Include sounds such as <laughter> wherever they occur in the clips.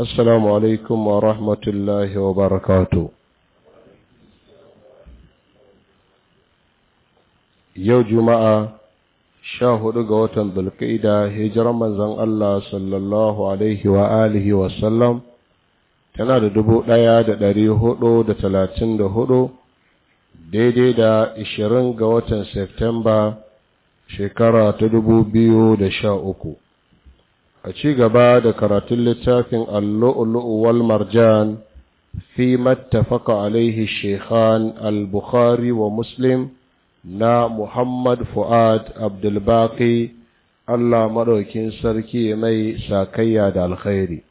السلام عليكم ورحمة الله وبركاته يوم جمعة شاهد قوتا بالقيدة هجر من Allah الله صلى الله عليه وآله وسلم tana da dubu ɗaya da ɗari huɗu da talatin da huɗu daidai da ishirin ga watan Septemba shekara ta dubu biyu da sha uku a ci gaba da karatun littafin allu'ulu'u wal marjan fi mattafaka alaihi shekhan al-bukhari wa muslim na muhammad fu'ad abdulbaki allah maɗaukin sarki mai sakayya da alkhairi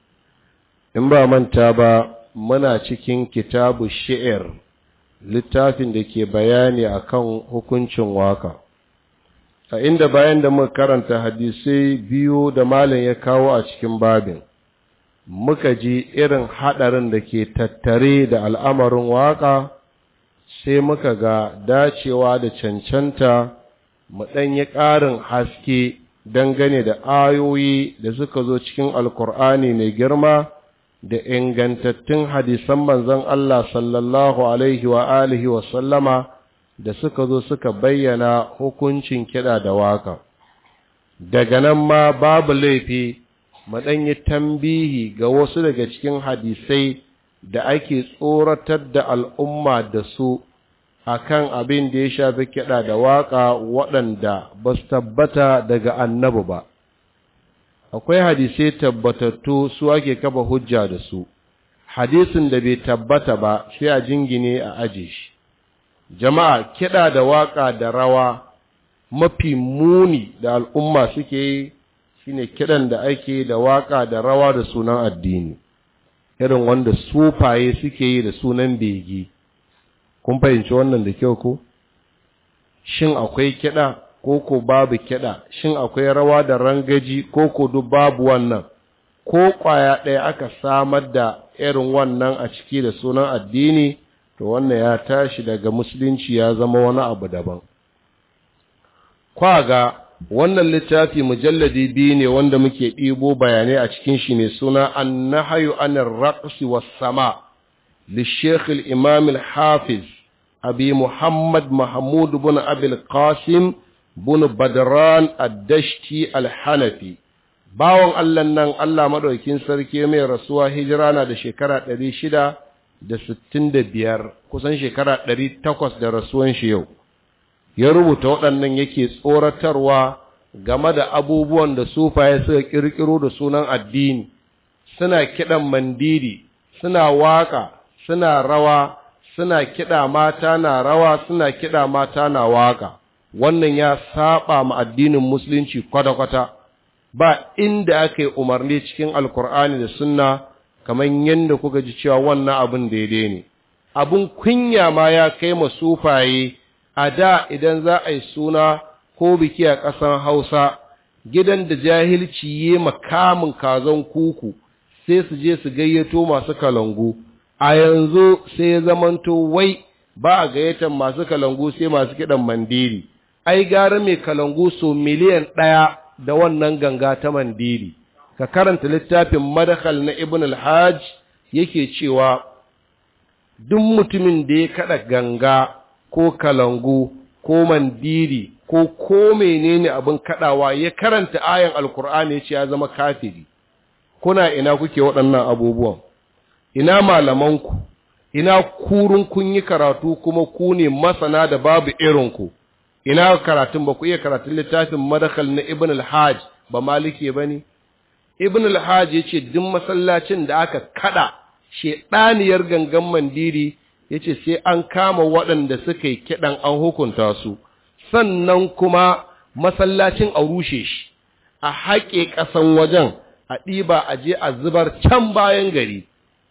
in ba manta ba muna cikin kitabu shi'ir littafin da ke bayani akan hukuncin waka a inda bayan da muka karanta hadisai biyu da malin ya kawo a cikin babin muka ji irin haɗarin da ke tattare da al'amarin waƙa sai muka ga dacewa da cancanta mu ɗanyi ƙarin haske dangane da ayoyi da suka zo cikin alkur'ani mai girma da ingantattun hadisan manzon Allah sallallahu alaihi wa alihi wa sallama da suka zo suka bayyana hukuncin kiɗa da waka daga nan ma babu laifi yi tambihi ga wasu daga cikin hadisai da ake tsoratar da al'umma da su akan abin da ya shafi kiɗa da waka waɗanda ba su tabbata daga annabu ba akwai hadisai tabbatattu su ake kafa hujja da su hadisin da bai tabbata ba sai a jingine a aji shi jama'a kiɗa da waƙa da rawa mafi muni da al'umma suke yi shine kiɗan da ake da waƙa da rawa da sunan addini irin wanda sufaye suke yi da sunan begi kun fahimci wannan da kyau ko shin akwai kiɗa ko ko babu kiɗa shin akwai rawa da rangaji ko ko duk babu wannan ko ƙwaya ɗaya aka samar da irin wannan a ciki da sunan addini to wannan ya tashi daga musulunci ya zama wani abu daban kwaga wannan littafi mujalladi biyu ne wanda muke ɗibo bayanai a cikin shi mai suna annahayu anar raƙusi wa sama li sheikh hafiz abi muhammad mahmud bin abil qasim bin badran addashti alhanafi. al-hanafi bawon Allah nan Allah madaukin sarki mai rasuwa hijira na da shekara ɗari shida. da sittin da biyar kusan shekara ɗari takwas da rasuwan shi yau ya rubuta waɗannan yake tsoratarwa game da abubuwan da sufaye suka ƙirƙiro da sunan addini suna kiɗan mandiri suna waƙa suna rawa suna kiɗa mata na rawa suna kiɗa mata na waƙa wannan ya saba ma addinin musulunci kwata-kwata ba inda aka yi umarni cikin alkur'ani da sunna kamar yadda kuka ji cewa wannan abin daidai ne abin kunya ma ya kai ma sufaye a da idan za a yi suna ko biki a ƙasan hausa gidan da jahilci ya makamin kazan kuku sai su je su gayyato masu kalangu a yanzu sai zamanto wai ba a gayyatar masu kalangu sai masu kiɗan mandiri ai gara mai kalangu so miliyan ɗaya da wannan ganga ta mandiri ka karanta littafin madakhal na ibn al-hajj yake cewa duk mutumin da ya kada ganga ko kalangu ko mandiri ko ko menene abin kadawa ya karanta ayan alkur'ani ya ce ya zama kafiri kuna ina kuke waɗannan abubuwan ina malamanku ina kurun kun yi karatu kuma ku ne masana da babu irinku ina karatun ba ku iya karatun littafin madakal na ibn al-hajj ba maliki ba ne ibn al-hajj yace duk masallacin da aka kada shedaniyar gangan mandiri yace sai an kama waɗanda suka yi kidan an hukunta su sannan kuma masallacin a rushe shi a haƙe ƙasan wajen a ɗiba a je a zubar can bayan gari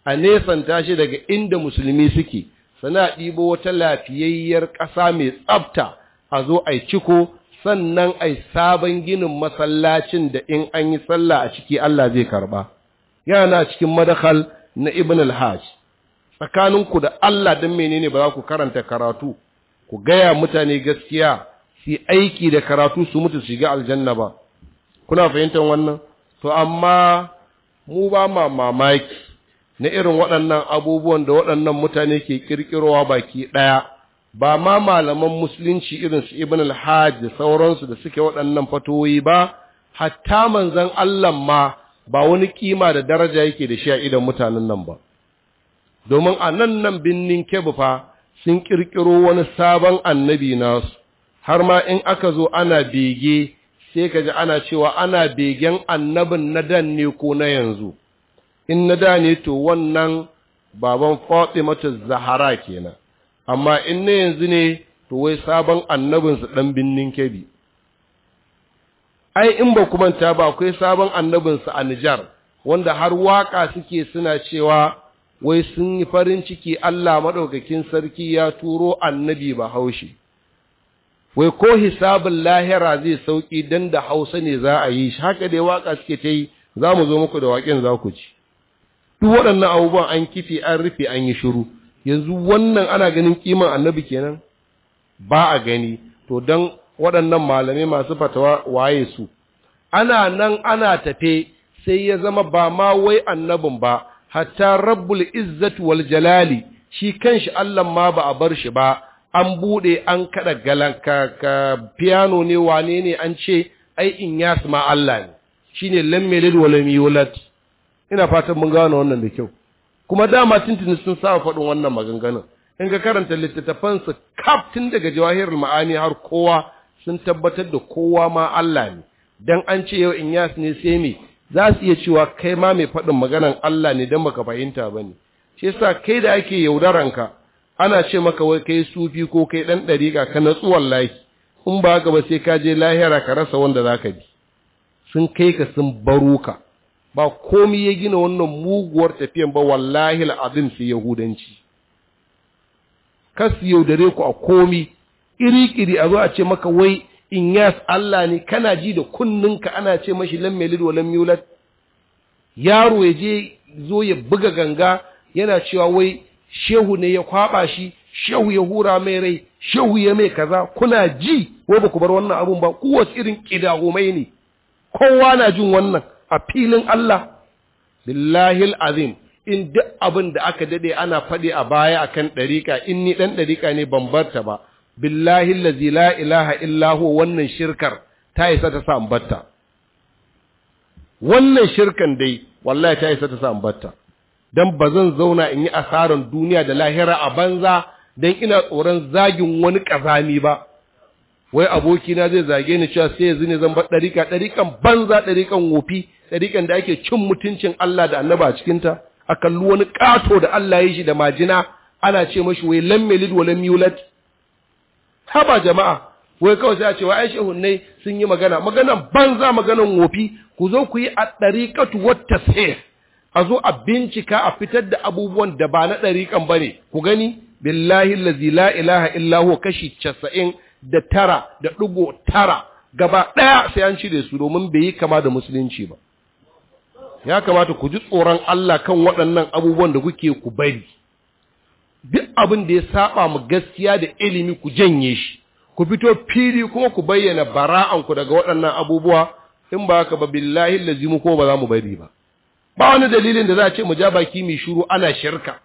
a nesanta tashi daga inda musulmi suke sana ɗibo wata lafiyayyar ƙasa mai tsafta a zo a ciko sannan ai sabon ginin masallacin da in an yi sallah a ciki Allah zai karba yana cikin madakhal na ibn al-hajj tsakaninku da Allah dan menene ba za ku karanta karatu ku gaya mutane gaskiya su aiki da karatu su mutu shiga aljanna ba kuna fahimtar wannan to amma mu ba ma mamaki na irin waɗannan abubuwan da waɗannan mutane ke ƙirƙirowa baki ɗaya ba ma malaman musulunci irin su ibn al-hajj da sauransu da suke waɗannan fatoyi ba hatta manzon Allah ma ba wani kima da daraja yake da shi a idan mutanen nan ba domin a nan nan binnin kebu fa sun kirkiro wani sabon annabi nasu har ma in aka zo ana bege sai ka ji ana cewa ana begen annabin na dan ne ko na yanzu in na da ne to wannan baban fatimatu zahara kenan amma in na yanzu ne to wai sabon annabinsu ɗan binnin kebi ai in ba kumanta ba akwai sabon annabinsu a nijar wanda har waka suke suna cewa wai sun yi farin ciki allah maɗaukakin sarki ya turo annabi ba haushi wai ko hisabin lahira zai sauki dan da hausa ne za a yi shi haka dai waka suke ta yi za mu zo muku da waken za ku ci duk waɗannan abubuwan an kifi an rufe an yi shiru yanzu wannan ana ganin kiman annabi kenan ba a gani to dan waɗannan malamai masu fatawa waye su ana nan ana tafe sai ya zama ba ma wai annabin ba hatta rabbul izzatu wal jalali shi kanshi Allah ma ba a bar shi ba an bude an kaɗa galan ka, ka piano ne wane ne an ce ai in yasma Allah ne shine lam yalid ina fatan mun gano wannan da kyau kuma dama tuntuni sun saba faɗin wannan maganganun in ga karanta littattafan su kaf tun daga jawahirul ma'ani har kowa sun tabbatar da kowa ma Allah ne dan an ce yau Inyas ne sai me za su iya cewa kai ma mai faɗin maganan Allah ne dan baka fahimta ba bane shi yasa kai da ake yaudaranka ana ce maka wai kai sufi ko kai ɗan ɗariƙa ka natsu wallahi in ba haka ba sai ka je lahira ka rasa wanda zaka bi sun kai ka sun baro ka ba komi ya gina wannan muguwar tafiyan ba wallahi al'adun sai yahudanci kas yaudare ku a komi iri kiri a zo a ce maka wai in yas Allah ne kana ji da kunninka ana ce mashi lam wa lam yaro ya je zo ya buga ganga yana cewa wai shehu ne ya kwaba shi shehu ya hura mai rai shehu ya mai kaza kuna ji wai ba ku bar wannan abun ba kowace irin kidahumai ne kowa na jin wannan a filin Allah billahil azim in duk abin da aka dade ana faɗi a baya akan ɗariƙa in ni ɗan ɗariƙa ne ban barta ba billahi lazi la ilaha wannan shirkar ta isa ta sa ambata. wannan shirkan dai wallahi ta isa ta sa Don ba zan zauna in yi asaran duniya da lahira a banza don ina tsoron zagin wani ƙazami ba wai abokina zai zage ni cewa sai yanzu ne zan bar ɗarika ɗarikan banza ɗarikan wofi ɗarikan da ake cin mutuncin Allah da annaba a cikinta a kalli wani ƙato da Allah ya shi da majina ana ce mashi wai lam milid wa lam yulad haba jama'a wai kawai sai a ce wai ai ne sun yi magana maganan banza maganan wofi ku zo ku yi a ɗarikatu wata tasir a zo a bincika a fitar da abubuwan da ba na ɗarikan ba ne ku gani billahi lazi la ilaha illa kashi casa'in da tara da ɗigo tara gaba ɗaya sai an cire su domin bai yi kama da musulunci ba ya kamata ku ji tsoron Allah kan waɗannan abubuwan da kuke ku bari duk abin da ya saba mu gaskiya da ilimi ku janye shi ku fito fili kuma ku bayyana bara'anku daga waɗannan abubuwa in ba haka ba billahi lazimu ko ba za mu bari ba ba wani dalilin da za a ce mu ja baki mai shuru ana shirka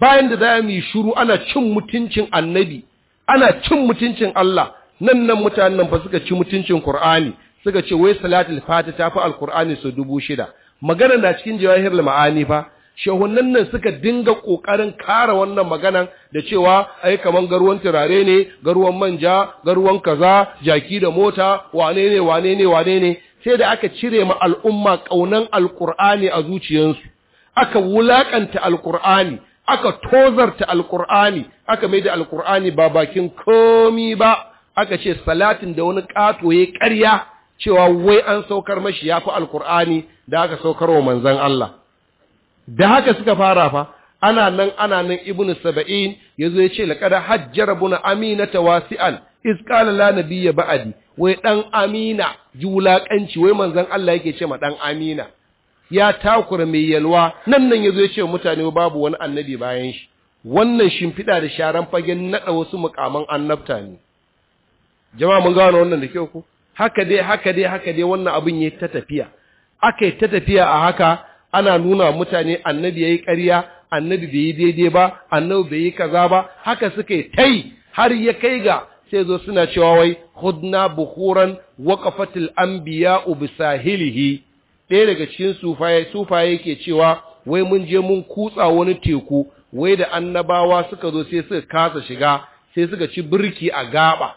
bayan da za mu yi shuru ana cin mutuncin annabi ana cin mutuncin Allah nan nan mutanen ba suka ci mutuncin Qur'ani suka ce wai salatul fati ta fi alqur'ani su dubu shida magana na cikin jawahir ma'ani fa shehunan nan suka dinga kokarin kara wannan maganan da cewa ai kaman garuwan turare ne garuwan manja garuwan kaza jaki da mota wane ne wane ne wane ne sai da aka cire ma al'umma kaunan alqur'ani a zuciyarsu aka wulakanta alqur'ani aka tozarta alkur'ani aka mai da alkur'ani ba bakin komi ba aka ce salatin da wani ƙato ya ƙarya cewa wai an saukar mashi ya fi alkur'ani da aka saukar wa manzan Allah da haka suka fara fa ana nan ana nan ibnu saba'in ya zo ya ce laƙada hajjar buna ta wasi'an iz qala la nabiyya ba'adi wai ɗan amina julaƙanci wai manzan Allah yake ce ma ɗan amina ya takura mai yalwa nan nan yazo ya ce wa mutane babu wani annabi bayan shi wannan shimfiɗa da sharan fagen naɗa wasu mukaman annabta ne jama'a mun gano wannan da kyau ku haka dai haka dai haka dai wannan abin yayi ta tafiya akai ta tafiya a haka ana nuna mutane annabi yayi ƙarya annabi bai yi daidai ba annabi bai yi kaza ba haka suka yi tai har ya kai ga sai zo suna cewa wai khudna bukhuran waqafatil anbiya'u bisahilihi ɗaya daga cikin sufaye sufaye yake cewa wai mun je mun kutsa wani teku wai da annabawa suka zo sai suka kasa shiga sai suka ci birki a gaba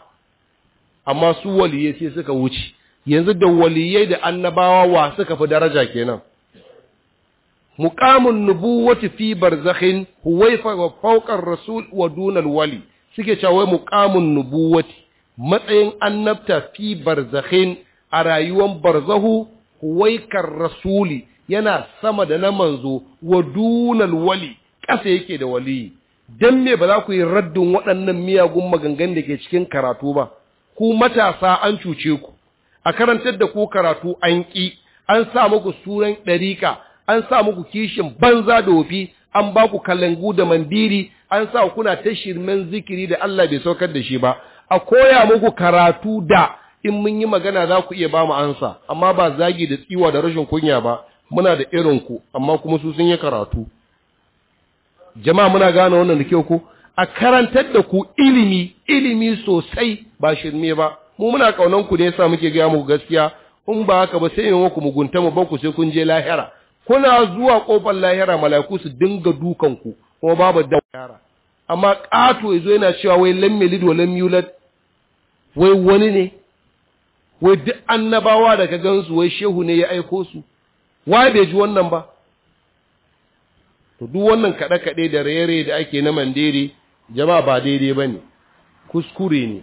amma su waliye sai suka wuce yanzu da waliyai da annabawa wa suka fi daraja kenan muqamun nubuwati fi barzakhin huwaifa wa fawqa rasul wa dunal wali suke cewa wai muqamun nubuwati matsayin annabta fi barzakhin a rayuwar barzahu huwaikar rasuli yana sama da na manzo wa dunal wali ƙasa yake da wali dan me ba za ku yi raddin waɗannan miyagun maganganun da ke cikin karatu ba ku matasa an cuce ku a karantar da ku karatu an ƙi an sa muku suran Ɗarika, an sa muku kishin banza da wofi an ba ku kalangu da mandiri an sa kuna ta shirmen zikiri da Allah bai saukar da shi ba a koya muku karatu da in mun yi magana za ku iya ba mu ansa amma ba zagi da tsiwa da rashin kunya ba muna da irin ku amma kuma su sun yi karatu jama'a muna gane wannan da kyau ko a karantar da ku ilimi ilimi sosai ba shirme ba mu muna kaunan ku ne yasa muke ga muku gaskiya in ba haka ba sai mu ku mugunta mu ba ku sai kun je lahira kuna zuwa kofar lahira malakusu su dinga dukan ku kuma babu da yara amma ƙato yazo yana cewa wai lammi wa lam wai wani ne wai duk annabawa da ka gansu wai shehu ne ya aiko su wai bai ji wannan ba to duk wannan kaɗe-kaɗe da raye da ake na mandere jama'a ba daidai ba ne kuskure ne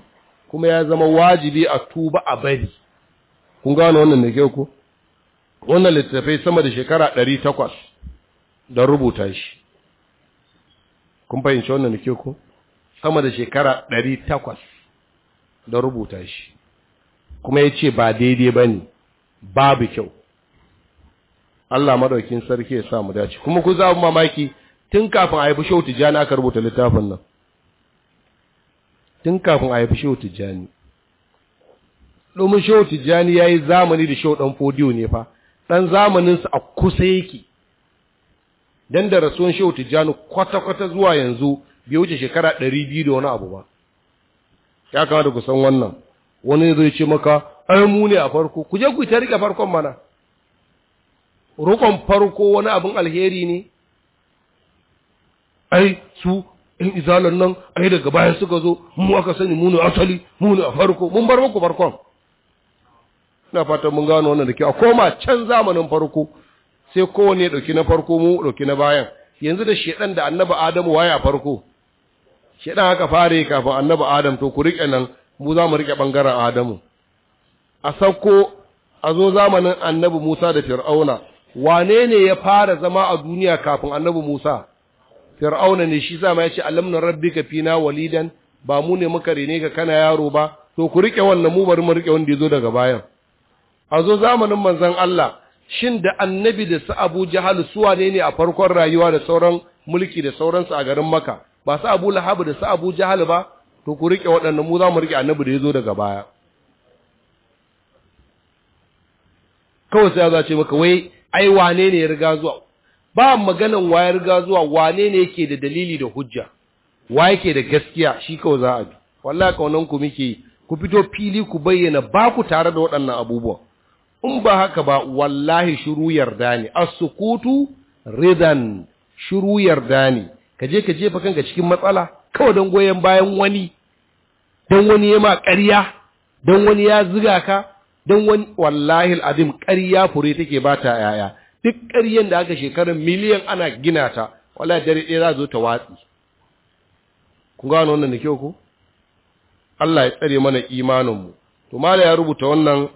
kuma ya zama wajibi a tuba a bari kun gano wannan da kyau ko wannan littattafai sama da shekara ɗari takwas don rubuta shi kun fahimci wannan da kyau ko sama da shekara ɗari takwas don rubuta shi kuma ya ce ba daidai ba ne babu kyau Allah madaukin sarki ya sa mu dace kuma ku za mamaki tun kafin a yi bishiyo jani aka rubuta littafin nan tun kafin a yi bishiyo jani. domin shehu tijjani ya yi zamani da shehu ɗan fodiyo ne fa ɗan zamaninsa a kusa yake don da rasuwan shehu tijjani kwata-kwata zuwa yanzu bai wuce shekara ɗari biyu da wani abu ba ya kamata ku san wannan wani zai ce maka ai mu ne a farko ku je ku ta rike farkon mana rukon farko wani abin alheri ne ai su in izalan nan ai daga bayan suka zo mu aka sani mu ne asali mu ne a farko mun bar muku farkon ina fatan mun gano wannan da ke a koma can zamanin farko sai kowane ya ɗauki na farko mu ɗauki na bayan yanzu da shedan da annabi adamu waya farko shedan aka fare kafin annabi adam to ku riƙe nan mu za mu riƙe ɓangaren adamu a sauko a zo zamanin annabi musa da fir'auna wane ne ya fara zama a duniya kafin annabi musa fir'auna ne shi zama ya ce alamna ka fina walidan ba mu ne muka rene ka kana yaro ba to ku riƙe wannan mu bari mu riƙe wanda ya zo daga bayan a zo zamanin manzon Allah shin da annabi da su Abu Jahal su wane ne a farkon rayuwa da sauran mulki da sauransu a garin Makka ba su Abu Lahab da su Abu Jahal ba to ku riƙe waɗannan mu za mu riƙe annabi da ya zo daga baya kawai sai za ce maka wai ai wane ne ya riga zuwa ba maganan wa ya riga zuwa wane ne yake da dalili da hujja wa yake da gaskiya shi kawai za a bi wallahi kaunan ku muke ku fito fili ku bayyana ba ku tare da waɗannan abubuwa in ba haka ba wallahi shiru yarda ne as-sukutu ridan shiru yarda ne ka je ka jefa kanka cikin matsala kawai don goyon bayan wani don wani ya ma ƙarya don wani ya ziga ka don wani wallahi al'adim ƙarya fure take ba ta yaya duk ƙaryan da aka shekarun miliyan ana gina ta wallahi dare ɗaya za zo ta watsi ku gano wannan da kyau ko Allah ya tsare mana imanin mu to mala ya rubuta wannan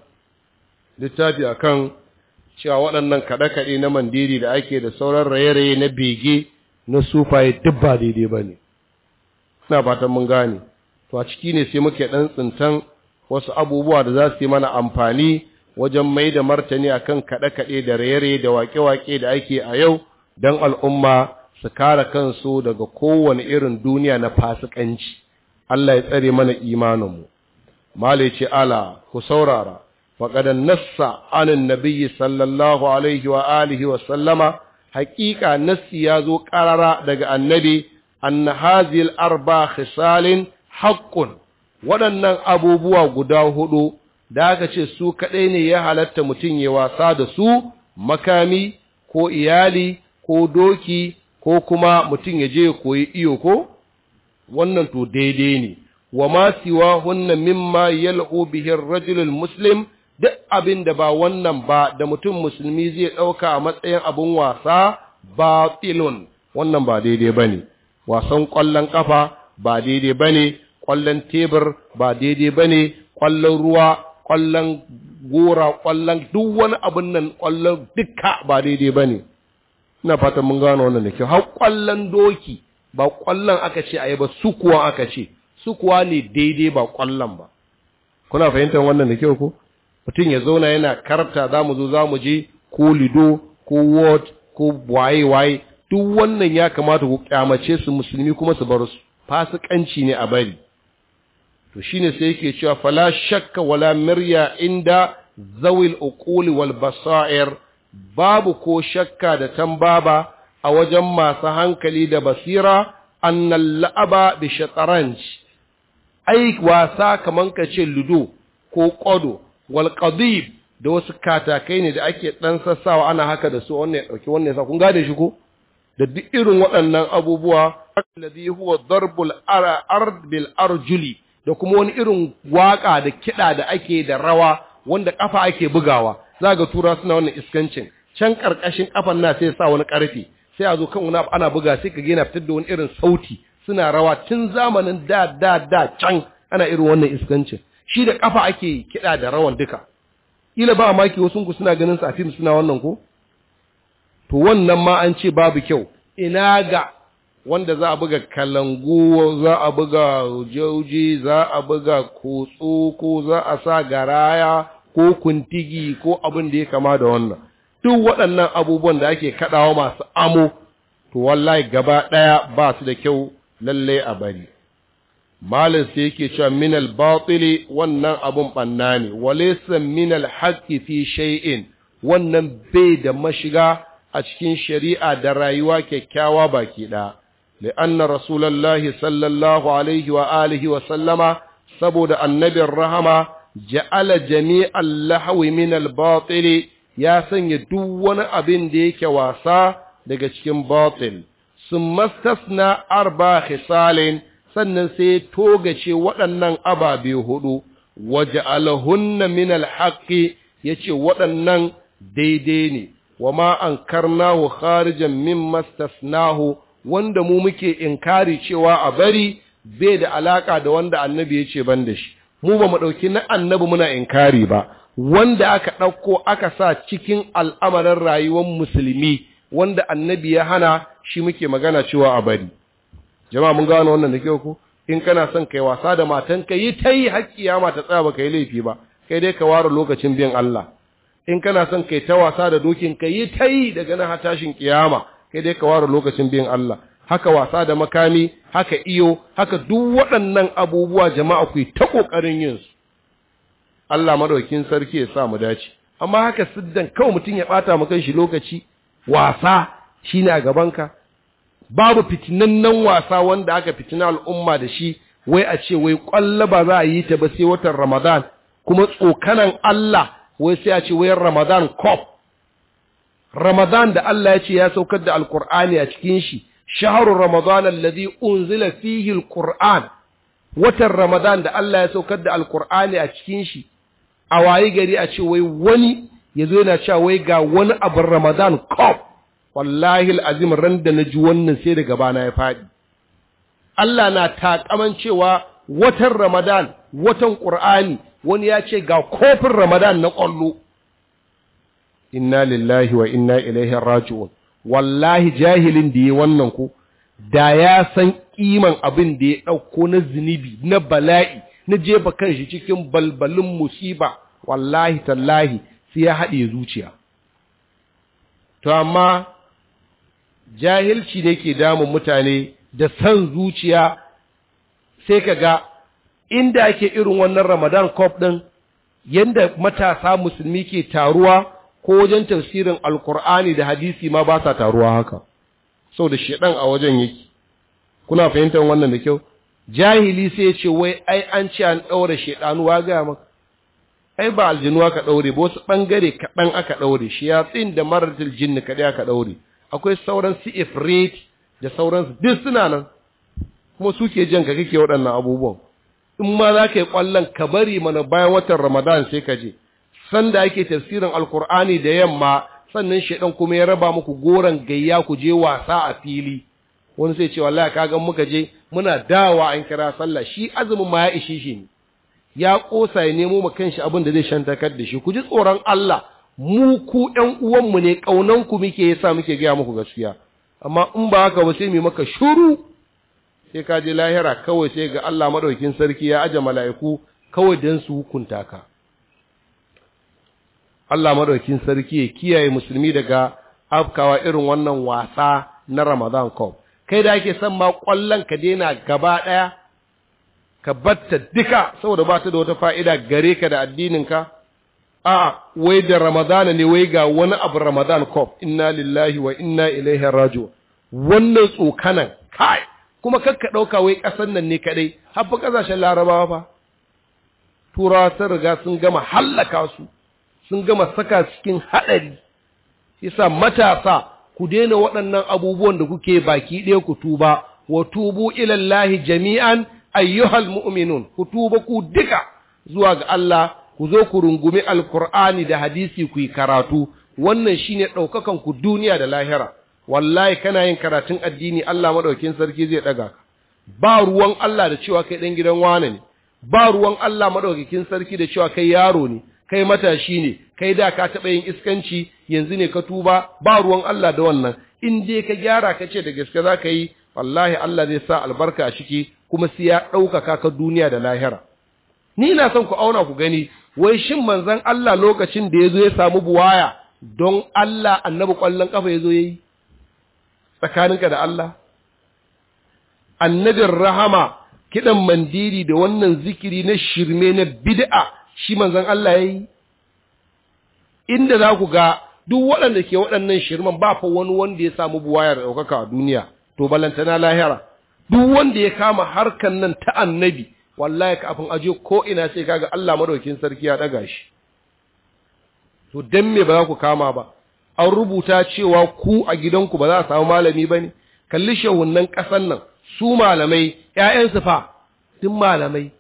littafi akan cewa waɗannan kaɗe-kaɗe na mandiri da ake da sauran raye-raye na bege na sufaye duk ba daidai ba ne. Ina fatan mun gane. to a ciki ne sai muke ɗan tsintan wasu abubuwa da za su yi mana amfani wajen mai da martani akan kaɗe-kaɗe da raye-raye da waƙe-waƙe da ake a yau don al'umma su kare kansu daga kowane irin duniya na fasikanci Allah ya tsare mana imaninmu malai ce ala ku saurara faƙadan nassa anin nabiyyi sallallahu alaihi wa alihi wa sallama haƙiƙa nassi ya zo ƙarara daga annabi an hazil arba khisalin haƙƙun waɗannan abubuwa guda hudu da aka ce su kaɗai ne ya halatta mutum ya wasa da su makami ko iyali ko doki ko kuma mutum ya je koyi iyo ko wannan to daidai ne wa ma siwa hunna mimma yal'u bihi ar-rajul muslim duk abin da ba wannan ba da mutum musulmi zai ɗauka a matsayin abin wasa ba wannan ba daidai bane wasan ƙwallon ƙafa ba daidai ba ne ƙwallon tebur ba daidai ba ne ƙwallon ruwa ƙwallon gora ƙwallon duk wani abin nan ƙwallon dukka ba daidai ba ne ina fatan mun gano wannan da kyau har ƙwallon doki ba ƙwallon aka ce a yi ba sukuwa aka ce sukuwa ne daidai ba ƙwallon ba kuna fahimtar wannan da kyau ko mutum ya zauna yana karta za mu zo za mu je ko lido ko ward ko waye waye duk wannan ya kamata ku kyamace su musulmi kuma su bar su fasikanci ne a bari to shine sai yake cewa fala shakka wala mirya inda zawil uquli wal basair babu ko shakka da tambaba a wajen masu hankali da basira annal la'aba bi shatranj ai wasa kaman ka ce ludo ko ƙwado wal qadib da wasu katakai ne da ake dan sassawa ana haka da su wannan dauki wannan sa kun gane shi ko da duk irin waɗannan abubuwa الذي هو ضرب الارض بالارجل arjuli da kuma wani irin waka da kiɗa da ake da rawa wanda kafa ake bugawa ga tura suna wannan iskancin can karkashin kafan na sai sa wani karfi sai a zo kan wani ana buga sai ka gina fitar da wani irin sauti suna rawa tun zamanin da da da can ana irin wannan iskancin shi da kafa ake kiɗa da rawan duka Ila ba maki wasu ku suna ganin sa a fim suna wannan ko to wannan ma an ce babu kyau ina ga wanda za a buga kalangu za a buga jauji za a buga kotso ko za a sa garaya ko kuntigi ko abin da ya kama da wannan duk waɗannan abubuwan da ake kaɗawa masu amo to wallahi gaba ɗaya ba su da kyau lallai a bari malin sai yake cewa minal batili wannan abun banna ne walaysa minal haqqi fi shay'in wannan bai da mashiga a cikin shari'a da rayuwa kyakkyawa baki ɗaya li'anna rasulallahi sallallahu alaihi wa wa sallama saboda annabin rahama ja'ala jami'an lahwi min al-batil ya sanya duk wani abin da yake wasa daga cikin batil sun mastasna arba khisalin sannan sai togace waɗannan ababe hudu waje alahunna min alhaƙi ya ce waɗannan daidai ne wa ma an karnahu kharijan min mastasnahu wanda mu muke inkari cewa a bari bai da alaka da wanda annabi ya ce ban da shi mu ba mu ɗauki na annabi muna inkari ba wanda aka ɗauko aka sa cikin al'amarin rayuwar musulmi wanda annabi ya hana shi muke magana cewa a bari jama'a mun gano wannan da ke ku? in kana son kai wasa da matan ka yi ta yi haƙƙi ya ta tsaya ba ka yi laifi ba kai dai ka ware lokacin biyan Allah in kana son kai ta wasa da dokin ka yi ta yi daga nan tashin kiyama kai dai ka ware lokacin biyan Allah haka wasa da makami haka iyo haka duk waɗannan abubuwa jama'a ku ta kokarin yin su Allah madaukin sarki ya sa mu dace amma haka siddan kawai mutum ya bata mu kanshi lokaci wasa shine a gabanka babu fitinannen wasa wanda aka fitina al'umma da shi wai a ce wai kwalla ba za a yi ta ba sai watan Ramadan kuma tsokanan Allah wai sai a ce wai Ramadan cup ramadan da Allah ya ce ya saukar da alkur'ani a cikin shi shaharu ramadan alladhi unzila fihi alquran watan ramadan da Allah ya saukar da alkur'ani a cikin shi a waye gari a ce wai wani yazo yana cewa wai ga wani abin ramadan cup wallahi azim ran da naji wannan sai da bana ya fadi Allah na takaman cewa watan ramadan watan qur'ani wani ya ce ga kofin ramadan na ƙwallo inna lillahi wa inna ilaihi raji'un wallahi jahilin da yi wannan ku da ya san kiman abin da ya ɗauko na zunubi na bala'i na jefa kan shi cikin balbalin musiba wallahi tallahi sai ya haɗe zuciya to amma jahilci ne ke damun mutane da san zuciya sai ka ga inda ake irin wannan ramadan cup ɗin yadda matasa musulmi ke taruwa ko wajen tafsirin alkur'ani da hadisi ma ba sa taruwa haka sau da shedan a wajen yake kuna fahimtar wannan da kyau jahili sai ya ce wai ai an ce an ɗaure shedanu wa gaya maka ai ba aljinu aka ɗaure ba wasu bangare kaɗan aka daure shayatin da maratul jinn kaɗai aka ɗaure. akwai sauran su ifrit da sauran duk suna nan kuma suke jan ka kake waɗannan abubuwan in ma za ka yi ƙwallon ka bari mana bayan watan ramadan sai ka je sanda ake tafsirin alkur'ani da yamma sannan shaidan kuma ya raba muku goran gayya ku je wasa a fili wani sai ce wallahi kaga muka je muna dawa an kira sallah shi azumin ma ya ishe shi ne ya kosa ya nemo kan shi abin da zai shantakar da shi ku ji tsoron Allah mu ku ɗan uwanmu ne ƙaunanku ku muke yasa muke gaya muku gaskiya amma in ba haka ba sai mu maka shuru sai ka je lahira kawai sai ga Allah madaukin sarki ya aje mala'iku kawai dan su hukunta ka Allah madaukin sarki ya kiyaye musulmi daga afkawa irin wannan wasa na Ramadan Cup kai da ake son ma kwallon ka daina gaba daya ka batta duka saboda ba ta da wata fa'ida gare ka da addinin ka a wai da ramadan ne wai ga wani abu Ramadan Cup inna lillahi wa inna ilaihi raji'un wannan tsokanan kai kuma kakka ɗauka wai ƙasan nan ne kaɗai, ba ƙasashen larabawa ba. turawa sun riga sun gama hallaka su. sun gama saka cikin haɗari yasa matasa ku daina waɗannan abubuwan da kuke baki ɗaya ku tuba wa tubu ilallahi jami'an ayyuhal mu'minun ku tuba ku duka zuwa ga Allah ku zo ku rungumi alkur'ani da hadisi ku yi karatu wannan shine ɗaukakan ku duniya da lahira wallahi kana yin karatun addini Allah madaukin sarki zai ɗaga ka ba ruwan Allah da cewa kai ɗan gidan wane ne ba ruwan Allah maɗaukakin sarki da cewa kai yaro ne kai matashi ne kai da ka taɓa yin iskanci yanzu ne ka tuba ba ruwan Allah da wannan in dai ka gyara ka ce da gaske za ka yi wallahi Allah zai sa albarka a ciki kuma sai ya ɗaukaka ka duniya da lahira ni na son ku auna ku gani wai shin manzon Allah lokacin da ya zo ya samu buwaya don Allah annabi ƙwallon ƙafa ya zo ya yi tsakaninka da Allah annabin rahama kiɗan mandiri da wannan zikiri na shirme na bid'a shi manzan Allah ya yi. inda za ku ga duk waɗanda ke waɗannan shirman ba fa wani wanda ya samu buwayar ɗaukaka a duniya to balantana lahira duk wanda ya kama harkan nan ta annabi wallahi kafin aje ko ina sai kaga Allah madaukin sarki ya ɗaga shi to dan me ba za ku kama ba an rubuta cewa ku a gidanku ba za a samu malami ba ne kalli shehunnan ƙasan nan su malamai ‘ya'yansu fa duk malamai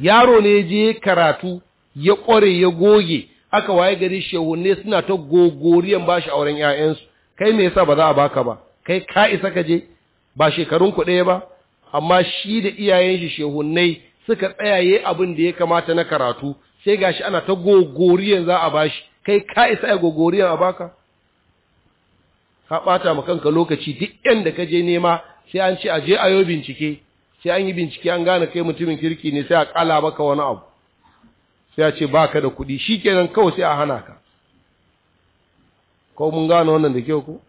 yaro ne je karatu ya ƙware ya goge aka waye gari shehunne suna ta gogoriyan ba shi auren 'ya'yansu kai me yasa ba za a baka ba kai ka isa ka je ba shekarun ku ɗaya ba amma shi da iyayen shi shehunnai suka tsayaye abin da ya kamata na karatu sai gashi ana ta gogoriyan za a bashi kai ka isa ya gogoriyan a baka ka ɓata ma kanka lokaci duk yanda ka je nema sai an ce a je ayo bincike sai an yi bincike an gane kai mutumin kirki ne sai a kala maka wani abu sai a ce baka da kuɗi kenan kawai sai a hana ka ko mun gane wannan da kyau ko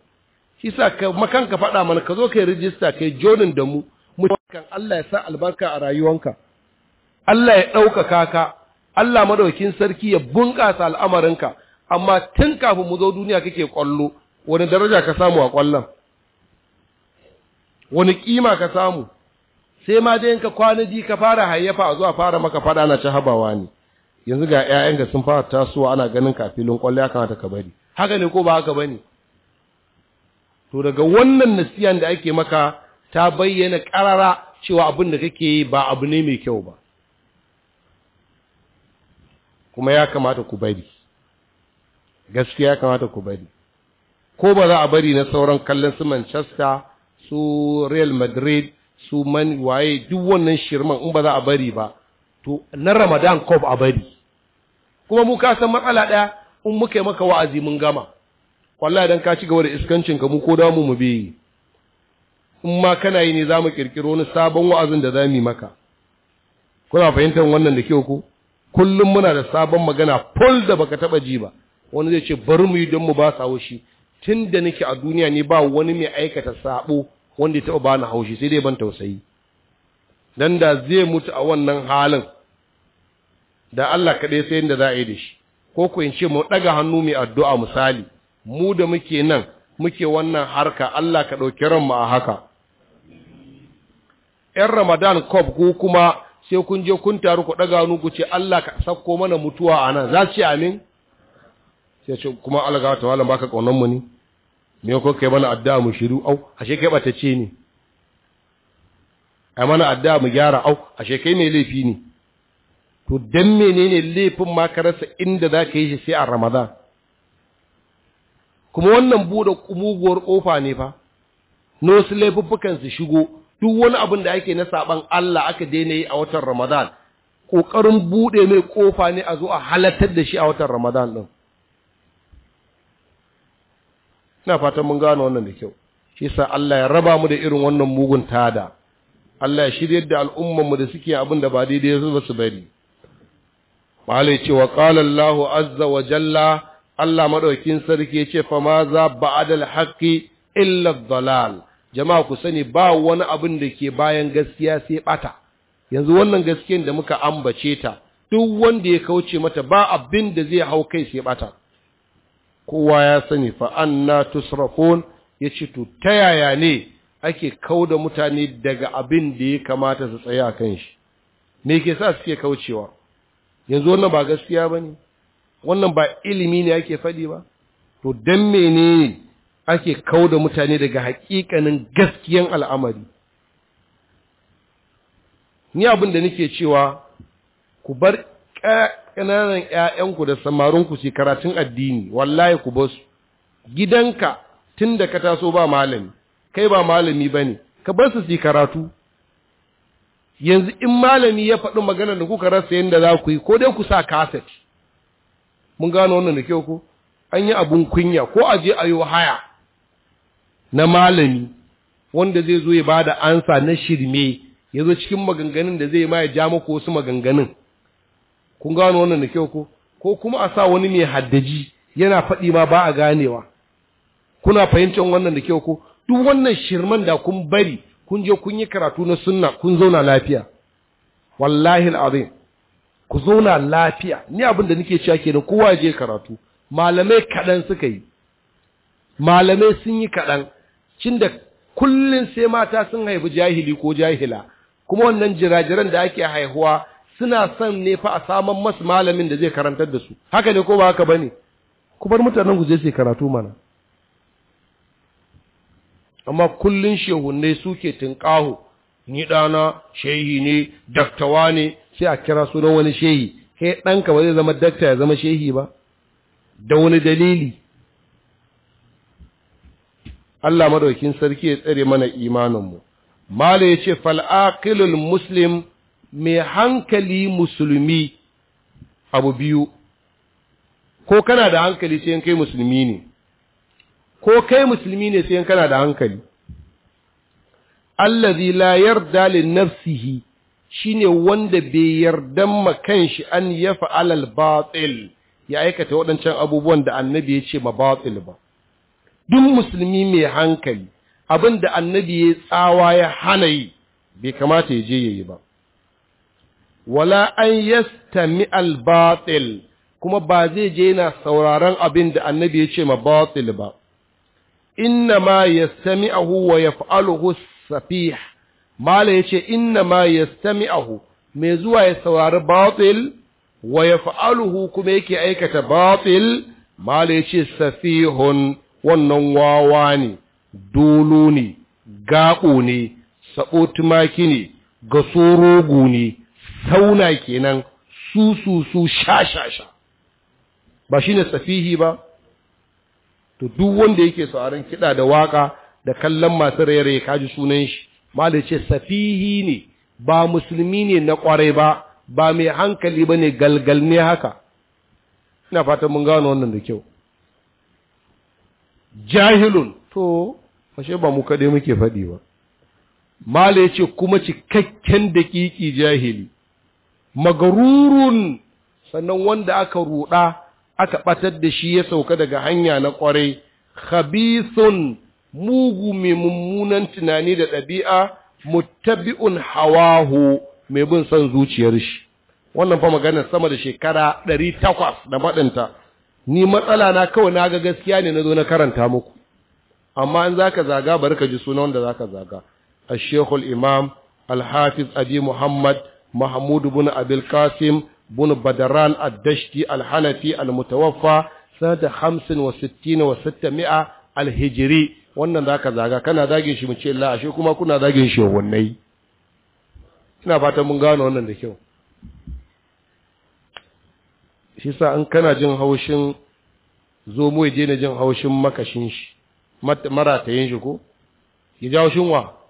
shi sa ka makanka faɗa mana ka zo kai rijista kai jonin da mu mutukan Allah ya sa albarka a rayuwanka Allah ya ɗaukaka ka Allah madaukin sarki ya bunƙasa al'amarinka amma tun kafin mu zo duniya kake kwallo wani daraja ka samu a kwallon wani kima ka samu sai ma dai ka kwana ji ka fara hayyafa a zuwa fara maka fada na ta habawa ne yanzu ga ƴaƴan ga sun fara tasowa ana ganin ka filin kwallo ya kamata ka bari haka ne ko ba haka bane to daga wannan nasiyan da ake maka ta bayyana karara cewa abin da kake yi ba abu ne mai kyau ba kuma ya kamata ku bari gaskiya ya kamata ku bari ko ba za a bari na sauran kallon su Manchester su Real Madrid su man waye duk wannan shirman in ba za a bari ba to na ramadan kof a bari kuma mu ka san matsala ɗaya in muka yi maka wa'azi mun gama wallahi dan ka ci gaba da iskancin ka mu ko da mu mu bi in ma kana yi ne za mu kirkiro wani sabon wa'azin da zamu yi maka kuna fahimtar wannan da kyau ko kullum muna da sabon magana full da baka taba ji ba wani zai ce bari mu yi don mu ba sawo shi tun da nake a duniya ne ba wani mai aikata sabo wanda ya taɓa ni haushi sai dai ban tausayi dan da zai mutu a wannan halin da Allah kaɗai sai yadda za a yi da shi ko ku in ce mu ɗaga hannu mai addu'a misali mu da muke nan muke wannan harka Allah ka ɗauki mu a haka ‘yan ramadan kof ku kuma sai kun je kun taru ku ɗaga hannu ku ce Allah ka sakko mana mutuwa a nan za ce amin sai ce kuma Allah ga ta malam baka ƙaunar mu ne me ko kai mana addu'a mu shiru au ashe kai bata ce ni ai mana addu'a mu gyara au ashe kai ne laifi ne to dan menene laifin ma ka rasa inda za ka yi shi sai a ramadan kuma wannan buɗe muguwar kofa ne fa no su laifuffukan su shigo duk wani abin da ake na saban Allah aka daina yi a watan ramadan kokarin buɗe mai ƙofa ne a zo a halartar da shi a watan ramadan din ina fatan mun gane wannan da kyau shi yasa Allah ya raba mu da irin wannan mugun tada Allah ya shiryar da al'umman mu da suke abin da ba daidai ba su bari malai ce wa qala Allah azza wa jalla Allah madaukin sarki ya ce fa ma za ba'dal haqqi illa dhalal jama'a ku sani ba wani abin da ke bayan gaskiya sai bata yanzu wannan gaskiyar da muka ambace ta duk wanda ya kauce mata ba abin da zai hau kai sai bata kowa ya sani fa anna tusrafun yace to ta yaya ne ake kau da mutane daga abin da ya kamata su tsaya kan shi me ke sa suke kaucewa yanzu wannan ba gaskiya ba ne, wannan ba ilimi ne ake faɗi ba to dan ne ake da mutane daga haƙiƙanin gaskiyan al'amari ni abin da nake cewa ku bar ƙananan ‘ya'yanku da samarinku su karatun addini wallahi ku basu gidanka tun ka taso ba malami kai ba malami ba ne ka bar su karatu yanzu in malami ya faɗi magana da kuka rasa yadda za ku yi ko dai ku sa kaset mun gano wannan da kyau ko an yi abun kunya ko a je a yi haya na malami wanda zai zo ya ba da ansa na shirme ya zo cikin maganganun da zai ma ya ja muku wasu maganganun kun gano wannan da kyau ko ko kuma a sa wani mai haddaji yana faɗi ma ba a ganewa kuna fahimtar wannan da kyau ko duk wannan shirman da kun bari kun je kun yi karatu na sunna kun zauna lafiya wallahi alazim ku zauna lafiya ni abin da nake cewa kenan kowa je karatu malamai kaɗan suka yi malamai sun yi kaɗan cin da kullum sai mata sun haifi jahili ko jahila kuma wannan jirajiran da ake haihuwa suna son ne fa a saman masu malamin da zai karantar da su haka ne ko ba haka bane ku bar mutanen ku su karatu mana amma kullun shehunne suke tunƙaho ni ɗana shehi ne daktawa ne sai a kira sunan wani shehi kai ɗanka ba zai zama dakta ya zama shehi ba da wani dalili Allah madaukin sarki ya tsare mana imaninmu mala ya ce Fal’aƙilul muslim mai hankali musulmi abu biyu ko kana da hankali sai kai musulmi ne ko kai musulmi ne sai kana da hankali allazi la yarda li nafsihi shine wanda bai yarda ma kanshi an yaf'al al batil ya aikata waɗancan abubuwan da annabi ya ce ma batil ba duk musulmi mai hankali abin da annabi ya tsawa ya hana yi bai kamata ya je yayi ba wala an yastami al-batil kuma ba zai je yana sauraron abin da annabi ya ce ma batil ba inna ma yastami'ahu wa yaf'aluhu safih mala yace inna ma yastami'ahu me zuwa ya saurari batil wa yaf'aluhu kuma yake aikata batil mala yace safihun wannan wawa ne dolo ne gaɓo ne saɓo tumaki ne gasorogu ne Sauna kenan su su su sha sha sha ba ne safihi ba to duk wanda yake sauraron kiɗa da waka da kallon masu raye-raye kaji sunan shi malai ce safihi ne ba musulmi ne na ƙwarai ba ba mai hankali ba ne galgal ne haka ina fatan mun gano wannan da kyau jahilun to ashe ba mu kaɗai muke faɗi ba malai ce kuma cikakken daƙiƙi jahili magarurun sannan wanda aka ruɗa aka ɓatar da shi ya sauka daga hanya na ƙwarai khabithun mugu mai mummunan tunani da ɗabi'a muttabi'un hawahu mai bin son zuciyar shi wannan fa maganar sama da shekara ɗari takwas da faɗinta ni matsala na kawai na ga gaskiya ne na zo na karanta muku amma in za ka zaga bari ka ji suna wanda za ka zaga a shekul imam alhafiz abi muhammad محمود بن أبي القاسم بن بدران الدشتي الحنفي المتوفى سنة خمس وستين وستمائة الهجري wannan za ka zaga kana zagin shi mu ce la ashe kuma kuna zagin shi wannan ina fatan mun gano wannan da kyau shi sa an kana jin haushin zo mu je na jin haushin makashin shi yin shi ko ya ja haushin wa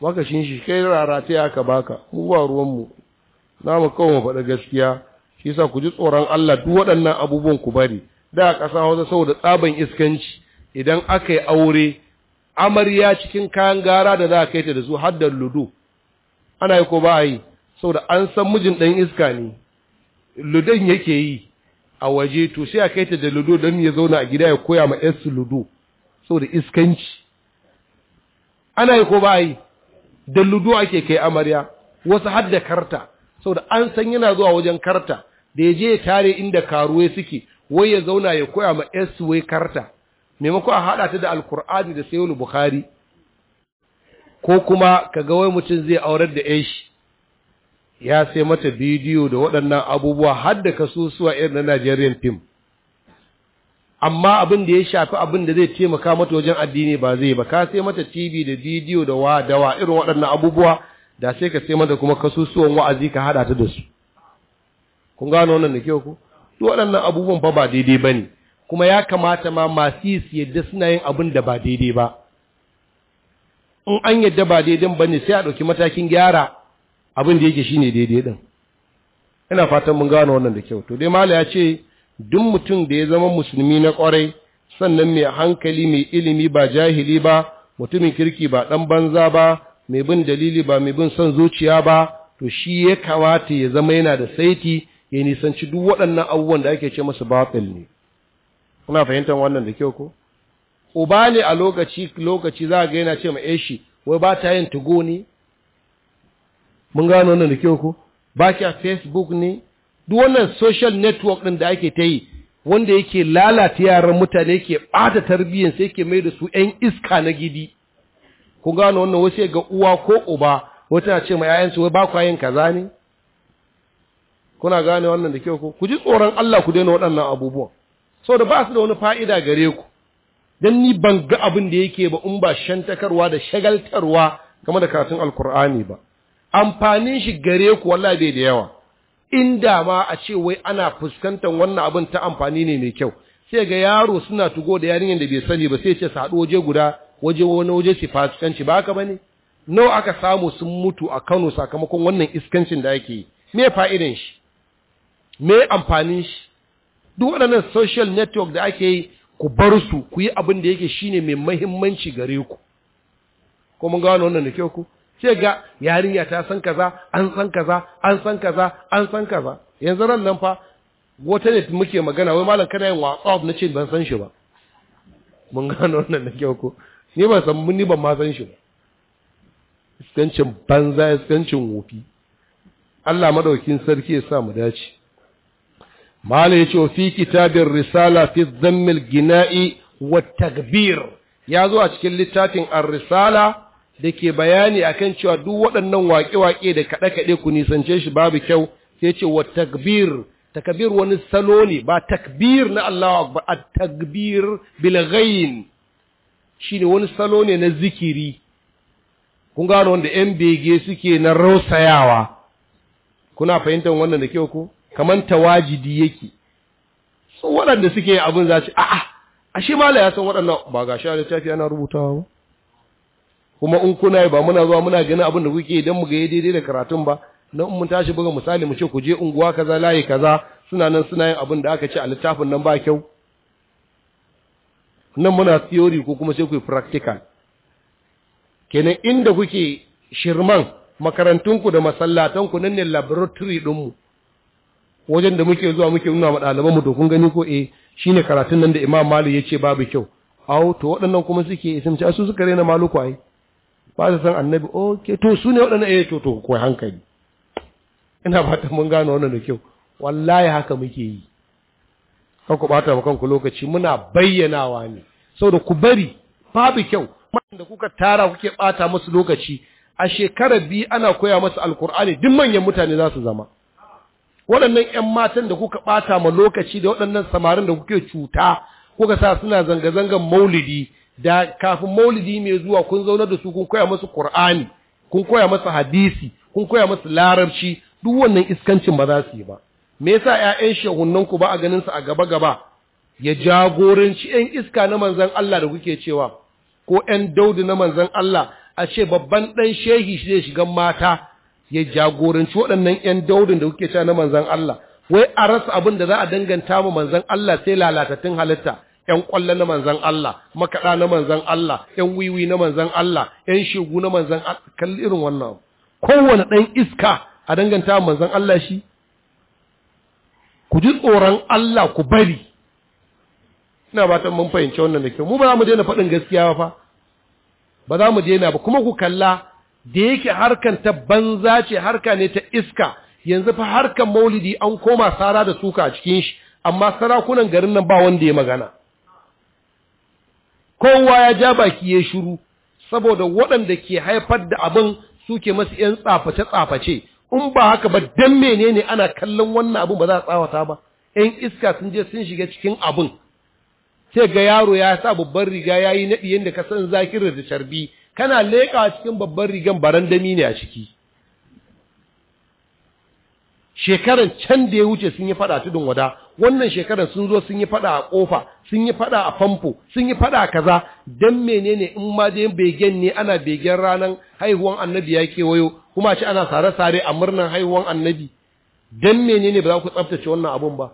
makashin shi kai rarata ya ka baka mu ba ruwanmu Na mu kawo mu faɗa gaskiya shi yasa ku ji tsoron Allah duk waɗannan abubuwan ku bari da ƙasa hausa saboda tsaban iskanci idan aka yi aure amarya cikin kayan gara da za a kai ta da su har da ludo ana yi ko ba a yi saboda an san mijin ɗan iska ne ludon yake yi a waje to sai a kai ta da ludo don ya zauna a gida ya koya ma 'yarsu ludo saboda iskanci ana yi ko ba a yi da ludo ake kai amarya wasu har karta saboda an san yana zuwa wajen karta da ya je ya tare inda karuwai suke wai ya zauna ya koya ma su wai karta maimako a haɗa ta da alkur'ani da sayul bukhari ko kuma ka ga wai mutum zai aurar da shi ya sai mata bidiyo da waɗannan abubuwa har da kasusuwa irin na Nigerian film amma abin da ya shafi abin da zai taimaka mata wajen addini ba zai ba ka sai mata TV da bidiyo da wa dawa irin waɗannan abubuwa da sai ka sai mata kuma kasusuwan wa'azi ka hada ta da su kun gano wannan da kyau ku duk waɗannan abubuwan fa ba daidai bane kuma ya kamata ma masu yi su yadda suna yin abin da ba daidai ba in an yadda ba daidai bane sai a ɗauki matakin gyara abin da yake shine daidai din ina fatan mun gano wannan da kyau to dai mala ya ce duk mutum da ya zama musulmi na ƙwarai sannan mai hankali mai ilimi ba jahili ba mutumin kirki ba ɗan banza ba mai bin dalili ba mai bin son zuciya ba to shi ya kamata ya zama yana da saiti ya nisanci duk waɗannan abubuwan da ake ce masu batil ne kuna fahimtar wannan da kyau ko uba ne a lokaci lokaci za ga yana ce ma eshi wai ba ta yin tugo ne mun gano wannan da kyau ko ba ki a facebook ne duk wannan social network ɗin da ake ta yi wanda yake lalata yaran mutane yake ɓata tarbiyyar sai yake mai da su ‘yan iska na gidi ku gano wannan wasu ga uwa ko uba wata ce ma ‘ya'yansu wai ba kwa yin kaza ne kuna gane wannan da kyau ko ku ji tsoron Allah ku daina waɗannan abubuwan saboda ba su da wani fa'ida gare ku don ni ban ga abin da yake ba in ba shantakarwa da shagaltarwa game da karatun alkur'ani ba amfanin shi gare ku wallahi bai da yawa inda ma a ce wai ana fuskantar wannan abin ta amfani ne mai kyau sai ga yaro suna tugo da yarinyar da bai sani ba sai ce su haɗu waje guda waje wani waje su fasikanci ba haka bane nawa aka samu sun mutu a Kano sakamakon wannan iskancin da ake yi me fa'idan shi me amfanin shi duk waɗannan social network da ake yi ku bar su ku yi abin da yake shine mai muhimmanci gare ku ko mun ga wannan da kyau ku sai ga yarinya ta san kaza an san kaza an san kaza an san kaza yanzu ran nan fa wata ne muke magana wai malam kana yin whatsapp na ce ban san shi ba mun gano wannan da kyau ko ni ban san ni ban ma san shi ba iskancin banza iskancin wofi Allah madaukin sarki ya sa mu dace mala yace wa fi kitabir risala fi dhammil gina'i wa takbir ya zo a cikin littafin ar-risala da ke bayani akan cewa duk waɗannan waƙe-waƙe da kaɗe-kaɗe ku nisance shi babu kyau sai ce wa takbir takbir wani salo ne ba takbir na Allah akbar a takbir bil Shi shine wani salo ne na zikiri kun gano wanda yan bege suke na rausayawa kuna fahimtar wannan da kyau ko kamar tawajidi yake su waɗanda suke abin za su a'a ashe mala ya san waɗannan ba ga da littafi ana rubutawa ba kuma in kuna ba muna zuwa muna gani abin da kuke idan mu ga daidai da karatun ba na mun tashi buga misali mu ce ku je unguwa kaza layi kaza suna nan suna yin abin da aka ce a littafin nan ba kyau nan muna theory ko kuma sai ku yi practical kenan inda kuke shirman makarantunku da masallatanku nan ne laboratory mu wajen da muke zuwa muke nuna ɗaliban mu to kun gani ko eh shine karatun nan da Imam Malik yace babu kyau awo to waɗannan kuma suke isimci su suka rena maluku ai ba su san annabi okay to su ne waɗannan ya to ko hankali ina fata mun gano wannan da kyau wallahi haka muke yi kan ku bata mu kanku lokaci muna bayyanawa ne saboda ku bari babu kyau da kuka tara kuke bata musu lokaci a shekarar biyu ana koya masu alkur'ani duk manyan mutane za su zama waɗannan 'yan matan da kuka bata ma lokaci da waɗannan samarin da kuke cuta kuka sa suna zanga-zangan maulidi da kafin maulidi mai zuwa kun zaunar da su kun koya masu Kur'ani, kun koya masu hadisi kun koya masu larabci duk wannan iskancin ba za su yi ba me yasa ƴaƴan shehunnan ku ba a ganin su a gaba gaba ya jagoranci ƴan iska na manzon Allah da kuke cewa ko ƴan daudu na manzon Allah a ce babban ɗan shehi shi zai shiga mata ya jagoranci waɗannan ƴan Daudu da kuke cewa na manzon Allah wai a rasa abin da za a danganta mu manzon Allah sai lalatattun halitta ‘yan ƙwallo na manzan Allah, makaɗa na manzan Allah, ‘yan wiwi na manzan Allah, ‘yan shegu na manzan Allah, kalli irin wannan. Kowane ɗan iska a danganta manzan Allah shi, ku ji tsoron Allah ku bari. Ina ba ta mun fahimci wannan da kyau, mu ba za mu daina faɗin gaskiya ba fa? ba za mu daina ba, kuma ku kalla da yake harkan ta banza ce harka ne ta iska, yanzu fa harkan maulidi an koma sara da suka a cikin shi, amma sarakunan garin nan ba wanda ya magana. kowa ya ja baki ya shiru saboda waɗanda ke haifar da abin suke masu ‘yan tsaface-tsaface in ba haka ba dan menene ana kallon wannan abin ba za a tsawata ba ‘yan iska sun je sun shiga cikin abin sai ga yaro ya sa babban riga ya yi naɗi yadda ka san zakirar da carbi kana leƙa cikin babban rigan baran barandami ne a ciki shekaran can da ya wuce sun yi faɗa tudun wada wannan shekarar sun zo sun yi fada a kofa sun yi fada a famfo sun yi fada kaza dan menene in ma dai begen ne ana begen ranan haihuwan annabi ya kewayo kuma ce ana sare-sare a murnan haihuwan annabi dan menene ba za ku tsaftace wannan abun ba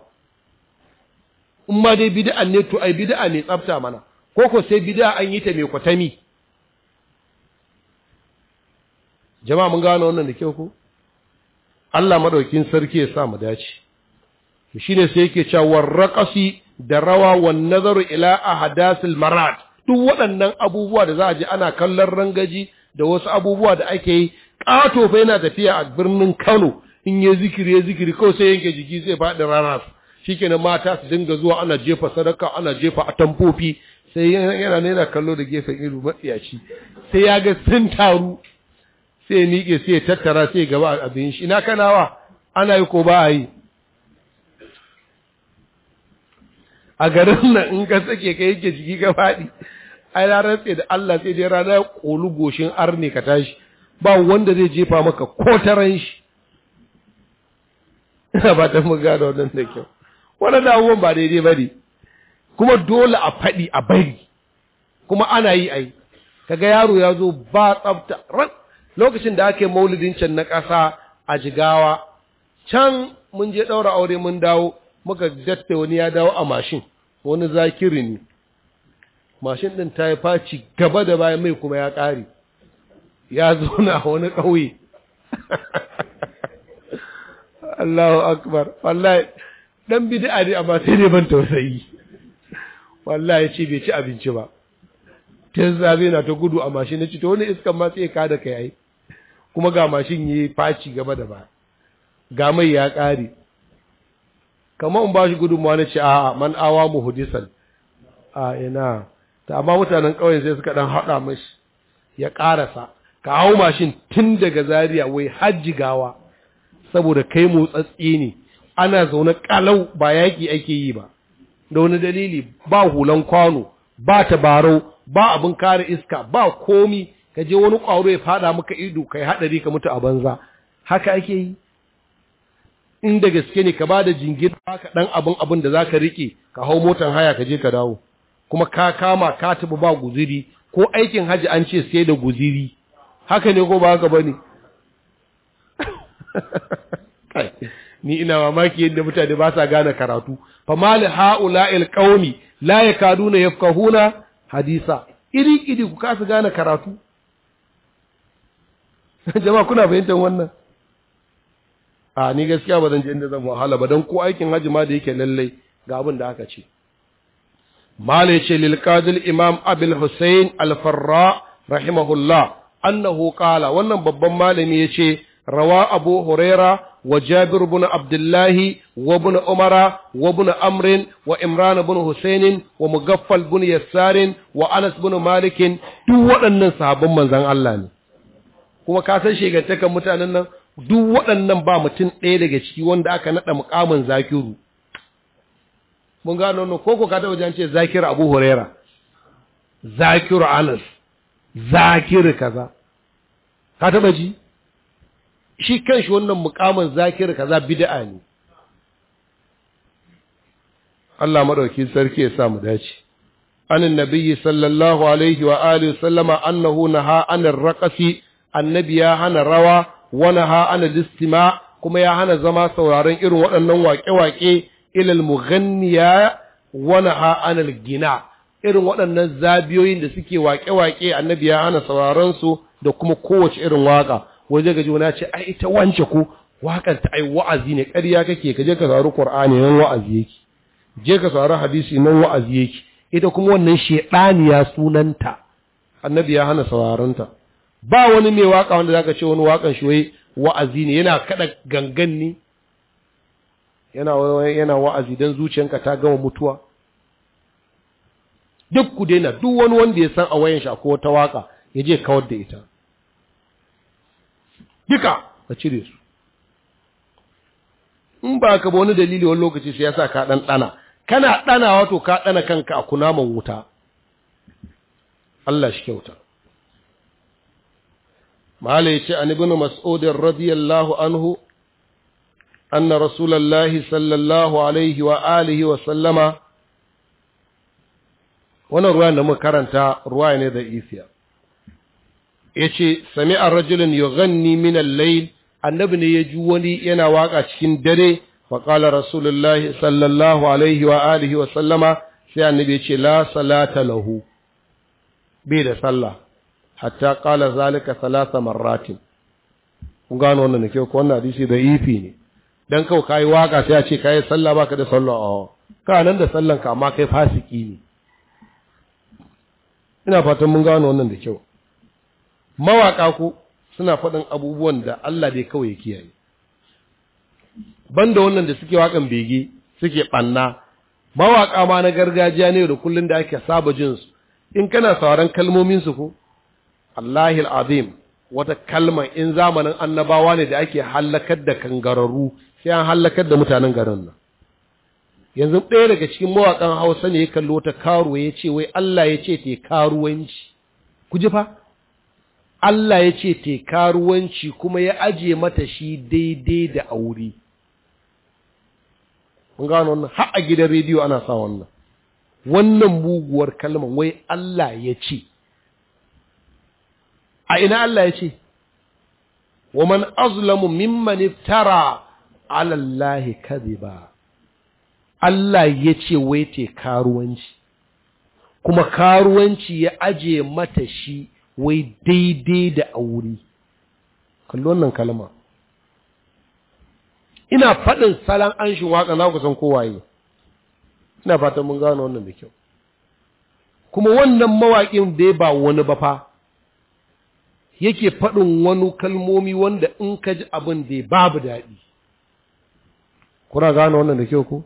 in ma dai bid'a ne to ai bid'a ne tsafta mana ko ko sai bid'a an yi ta mai kwatami jama'a mun gano wannan da kyau ko Allah madaukin sarki ya sa mu dace to ne sai yake cewa warraqasi da rawa wan nazaru ila ahadathil marat duk waɗannan abubuwa da za a je ana kallon rangaji da wasu abubuwa da ake yi ƙato fa yana tafiya a birnin Kano in ya zikiri ya zikiri kawai sai yanke jiki sai faɗi rana shikenan mata su dinga zuwa ana jefa sadaka ana jefa atamfofi sai yana ne kallo da gefen ido matsiyaci sai ya ga sun taru sai ya miƙe sai ya tattara sai ya gaba abin shi ina kanawa ana yi ko ba a yi a garin nan in ka sake ka yake jiki ka faɗi ai na rantse da Allah sai dai rana kolu goshin arne ka tashi ba wanda zai jefa maka ko taran shi ina ba ta mun gano wannan da kyau wannan abubuwan ba daidai ba ne kuma dole a faɗi a bari kuma ana yi ai kaga yaro ya zo ba tsafta ran lokacin da ake maulidin can na ƙasa a jigawa can mun je ɗaura aure mun dawo muka datta wani ya dawo a mashin wani zakiri ne mashin ɗin ta yi faci gaba da bayan mai kuma ya ƙare ya zauna a wani ƙauye <laughs> Allahu akbar wallahi dan bid'a ne amma sai dai ban tausayi wallahi ce bai ci abinci ba tun zabe na ta gudu a mashin nace to wani iskan ma sai ka da kai ai kuma ga mashin yayi faci gaba da ba ga mai ya ƙare kamar in ba shi gudunmawa na ce a'a man awa mu hudisan a ina ta amma mutanen ƙauyen sai suka dan haɗa mashi ya ƙarasa ka hau mashin tun daga zaria wai hajji gawa saboda kai motsatsi ne ana zaune ƙalau ba yaki ake yi ba da wani dalili ba hulan kwano ba tabarau ba abin kare iska ba komi ka je wani ƙwaro ya faɗa maka ido kai haɗari ka mutu a banza haka ake yi in da gaske ne ka ba da jingir ka dan abin abin da zaka rike ka hau motan haya ka je ka dawo kuma ka kama ka taɓa ba guziri ko aikin hajji an ce sai da guziri haka ne ko ba haka bane <laughs> ni ina mamaki yadda mutane ba sa gane karatu fa mal haula'il qaumi la yakaduna yafqahuna hadisa iri iri ku kasa gane karatu <laughs> jama'a kuna fahimtar wannan a ni gaskiya ba zan je inda zan wahala ba don ko aikin hajji ma da yake lallai ga abin da aka ce mala yace lil qadil imam abil al alfarra rahimahullah annahu qala wannan babban malami ya ce rawa abu huraira wa jabir ibn abdullahi wa ibn umara wa ibn amrin wa imran ibn Hussaini wa mugaffal ibn yassarin wa anas bin malikin duk waɗannan sahabban manzon Allah ne kuma ka san shegantakan mutanen nan duk waɗannan ba mutum ɗaya daga ciki wanda aka naɗa mukamin zakiru mun gano wannan koko ka taɓa jan ce zakiru abu huraira zakiru anas zakiru kaza ka taɓa ji shi kan shi wannan mukamin zakiru kaza bid'a ne Allah maɗauki sarki ya sa mu dace عن sallallahu alaihi الله عليه وآله annahu أنه نهى عن annabi ya hana rawa. wani ha ana listima kuma ya hana zama sauraron irin waɗannan waƙe-waƙe ilal muganniya wani ha ana gina irin waɗannan zabiyoyin da suke waƙe-waƙe annabi ya hana sauraron su da kuma kowace irin waƙa waje gaji wani ce ai ita wance ko waƙar ta ai wa'azi ne ƙarya kake ka je ka saurari Qur'ani nan wa'azi yake je ka saurari hadisi nan wa'azi yake ita kuma wannan shedaniya sunanta annabi ya hana sauraron ta ba wani ne waka wanda zaka ce wani wakan shi wai wa'azi ne yana kada gangan ne yana yana wa'azi dan zuciyanka ta gama mutuwa duk ku daina duk wani wanda ya san a wayan shi akwai wata waka ya je kawar da ita duka ka cire su in ba ka ba wani dalili wani lokaci sai yasa ka dan dana kana dana wato ka dana kanka a kunaman wuta Allah shi kyauta mala yace an ibn mas'ud radiyallahu anhu anna rasulullahi sallallahu alaihi wa alihi wa sallama wannan ruwa da muka karanta ruwa ne da isiya yace sami'a rajulun yughanni min al-layl annabi ne ya ji wani yana waka cikin dare fa qala rasulullahi sallallahu alaihi wa alihi wa sallama sai annabi ya ce la salata lahu bai da sallah hatta qala zalika salasa marratin kun gano wannan ne ko wannan hadisi da ifi ne dan kawai kai waka sai a ce kai sallah baka da sallah a ka nan da sallan ka amma kai fasiki ne ina fatan mun gano wannan da kyau mawaka ku suna faɗin abubuwan da Allah bai kawai ya kiyaye banda wannan da suke wakan bege suke banna mawaka ma na gargajiya ne da kullun da ake saba jin su in kana sauran kalmomin su ko Allahi Al'adhim, wata kalma in zamanin annabawa ne da ake hallakar da kangararru sai an hallakar da mutanen garin nan yanzu ɗaya daga cikin mawaƙan hausa ne ya kallo ta karuwa ya ce wai Allah ya ce ta karuwanci ku ji fa Allah ya ce ta karuwanci kuma ya aje mata shi daidai da aure mun gano wannan har a gidan rediyo ana sa wannan wannan muguwar kalmar wai Allah ya ce a ina Allah ya ce wa man azlamu mimman iftara ala Allah kadhiba Allah ya ce wai te karuwanci kuma karuwanci ya aje mata shi wai daidai da aure kallo wannan kalma ina faɗin salon an shi waƙa za ku san kowaye ina fatan mun gano wannan da kyau kuma wannan mawaƙin da ba wani ba fa yake faɗin wani kalmomi wanda in ka ji abin da babu daɗi kuna gane wannan da kyau ko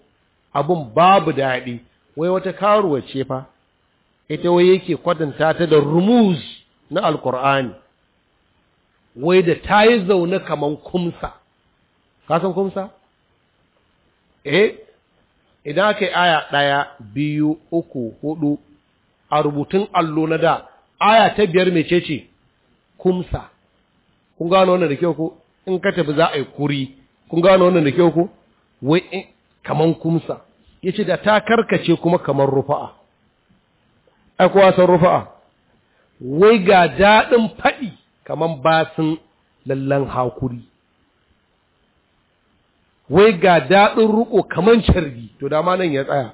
abin babu daɗi wai wata karuwa ce fa ita wai yake kwatanta ta da rumuz na alkur'ani wai da ta yi zaune kamar kumsa kasan kumsa eh idan aka yi aya ɗaya biyu uku hudu a rubutun allo na da aya ta biyar mece ce kumsa kun gano wannan da kyau ko in ka tafi za a yi kuri kun gano wannan da kyau ko wai eh, kaman kumsa yace da ta karkace kuma kamar rufa'a ai kowa san rufa'a wai ga daɗin faɗi kaman basin lallan hakuri wai ga daɗin ruko kaman carbi to dama nan ya tsaya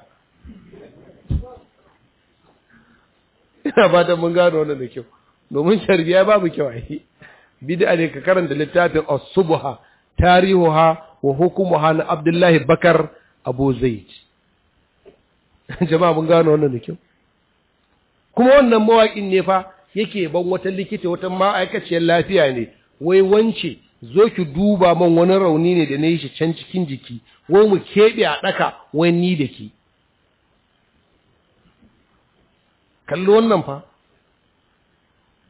<laughs> ina ba mun gano wannan da kyau domin sharbiya babu kyau ai bid'a ne ka karanta littafin as-subha tarihuha wa hukumuha na Abdullahi Bakar Abu Zaid <laughs> jama'a mun gano wannan da kyau kuma wannan mawaƙin ne fa yake ban wata likita wata ma'aikaciyar lafiya ne wai wance zo ki duba man wani rauni ne da na yi shi can cikin jiki wai mu keɓe a ɗaka wani ni da ki kalli wannan fa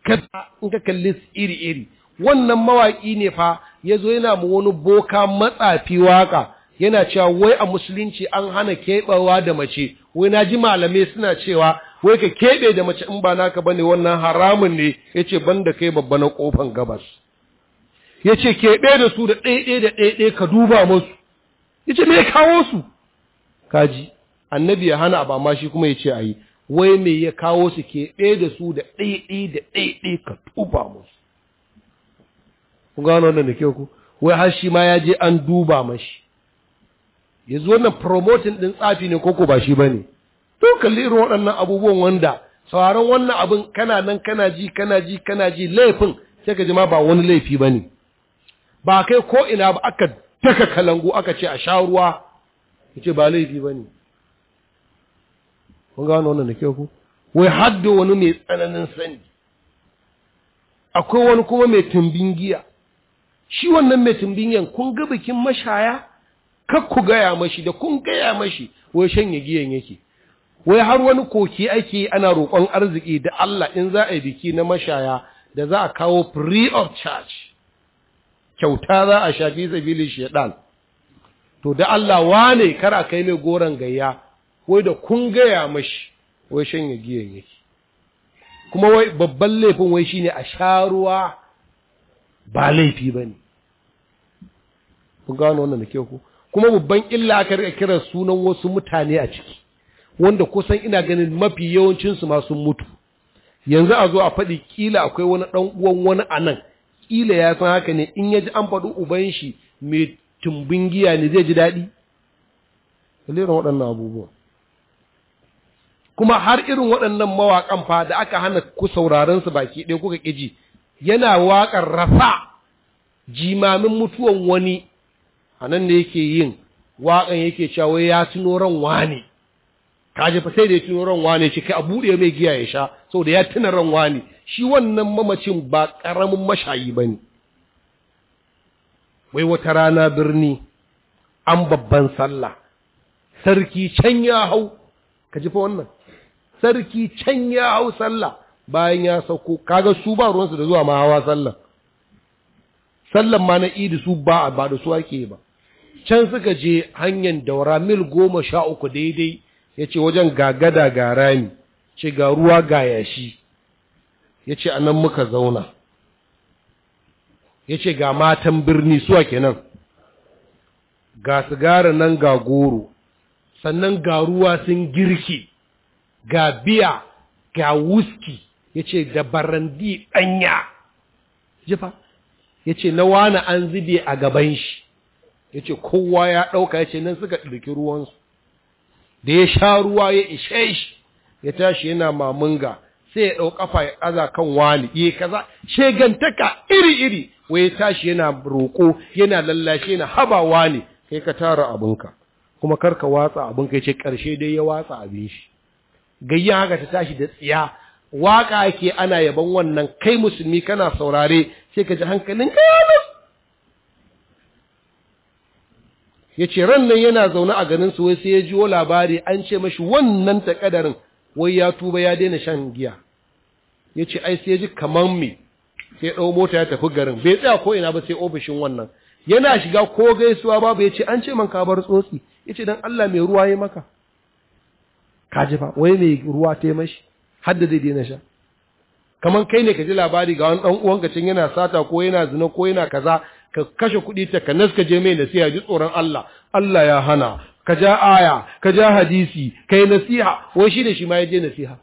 kada in ka kalli su iri iri wannan mawaƙi ne fa ya zo yana mu wani boka matsafi waka yana cewa wai a musulunci an hana keɓewa da mace wai na ji malamai suna cewa wai ka keɓe da mace in ba naka bane wannan haramun ne Ya ce, ban da kai babba na kofan gabas Ya ce keɓe da su da ɗaiɗe da ɗaiɗe ka duba musu ce me kawo su kaji annabi ya hana ba ma shi kuma a yi. wai me ya kawo su ke da su da ɗaiɗi da ɗaiɗi ka tuba musu kun gano wannan da kyau ku wai har shi ma ya je an duba mashi yanzu wannan promoting ɗin tsafi ne koko ba shi ba ne don kalli irin waɗannan abubuwan wanda sauraron wannan abin kana nan kana ji kana ji kana ji laifin sai ka jima ba wani laifi ba ne ba kai ko ina ba aka daka kalangu aka ce a sha ruwa Ka ce ba laifi ba ne kun gano wannan da kyau ku wai haddo wani mai tsananin sani akwai wani kuma mai tumbin giya shi wannan mai tumbin giyan kun ga bikin mashaya kar ku gaya mashi da kun gaya mashi wai shanye giyan yake wai har wani koki ake ana roƙon arziki da Allah in za a yi biki na mashaya da za a kawo free of charge kyauta za a shafi sabili shedan to da Allah wane kar a kai mai goron gayya wai da kun gaya mashi wai shanye giyan yake kuma wai babban laifin wai shine a sha ruwa ba laifi ba ne kun gano wannan da ke ku kuma babban illa aka rika kira sunan wasu mutane a ciki wanda kusan ina ganin mafi yawancinsu ma sun mutu yanzu a zo a faɗi kila akwai wani ɗan uwan wani a nan kila ya san haka ne in ya ji an faɗi uban shi mai tumbin giya ne zai ji daɗi. Kaliran waɗannan abubuwan. kuma har irin waɗannan mawaƙan fa da aka hana ku sauraron su baki ɗaya kuka ƙiji yana waƙar rafa jimamin mutuwan wani a nan da yake yin waƙan yake cewa ya tuno ran wani ji fa sai da ya tuno ran wani shi kai a buɗe mai giya ya sha saboda ya tuna ran wani shi wannan mamacin ba ƙaramin mashayi ba ne wai wata rana birni an babban sallah sarki can ya hau ka ji fa wannan sarki can ya hau sallah bayan ya sauko kaga su ba ruwansu da zuwa ma hawa sallah sallan ma na idi su ba ba da su ake ba can suka je hanyar daura mil goma sha uku daidai ya ce wajen gagada ga rami ce ga ruwa ga yashi ya ce a nan muka zauna ya ce ga matan birni suwa kenan ga sigara nan ga goro sannan ga ruwa sun girki ga biya ga wuski ya ce da barandi ɗanya jifa ya ce na wani an zube a gaban shi ya ce kowa ya ɗauka ya ce nan suka ɗirki ruwansu da ya sha ruwa ya ishe shi ya tashi yana mamunga sai ya ɗau ƙafa ya ɗaza kan wani ya kaza shegantaka iri-iri wai ya tashi yana roƙo yana lallashe na haba wani kai ka tara abinka kuma karka watsa abinka ya ce ƙarshe dai ya watsa abin shi gayya haka ta tashi da tsiya waka ake ana yaban wannan kai musulmi kana saurare sai ka ji hankalin ka ya ya ce ran yana zaune a ganin su wai sai ya jiwo labari an ce mashi wannan takadarin wai ya tuba ya daina shan giya ya ce ai sai ya ji kaman me sai ɗau mota ya tafi garin bai tsaya ko ina ba sai ofishin wannan yana shiga ko gaisuwa babu ya ce an ce man ka bar tsotsi ya ce don Allah mai ruwa ya maka ka fa wai mai ruwa ta mashi hadda zai daina sha kamar kai ne ka ji labari ga wani dan ka can yana sata ko yana zina ko yana kaza ka kashe kuɗi ta ka naska je mai nasiha ji tsoron Allah Allah ya hana ka ja aya ka ja hadisi kai nasiha wai shi da shi ma ya je nasiha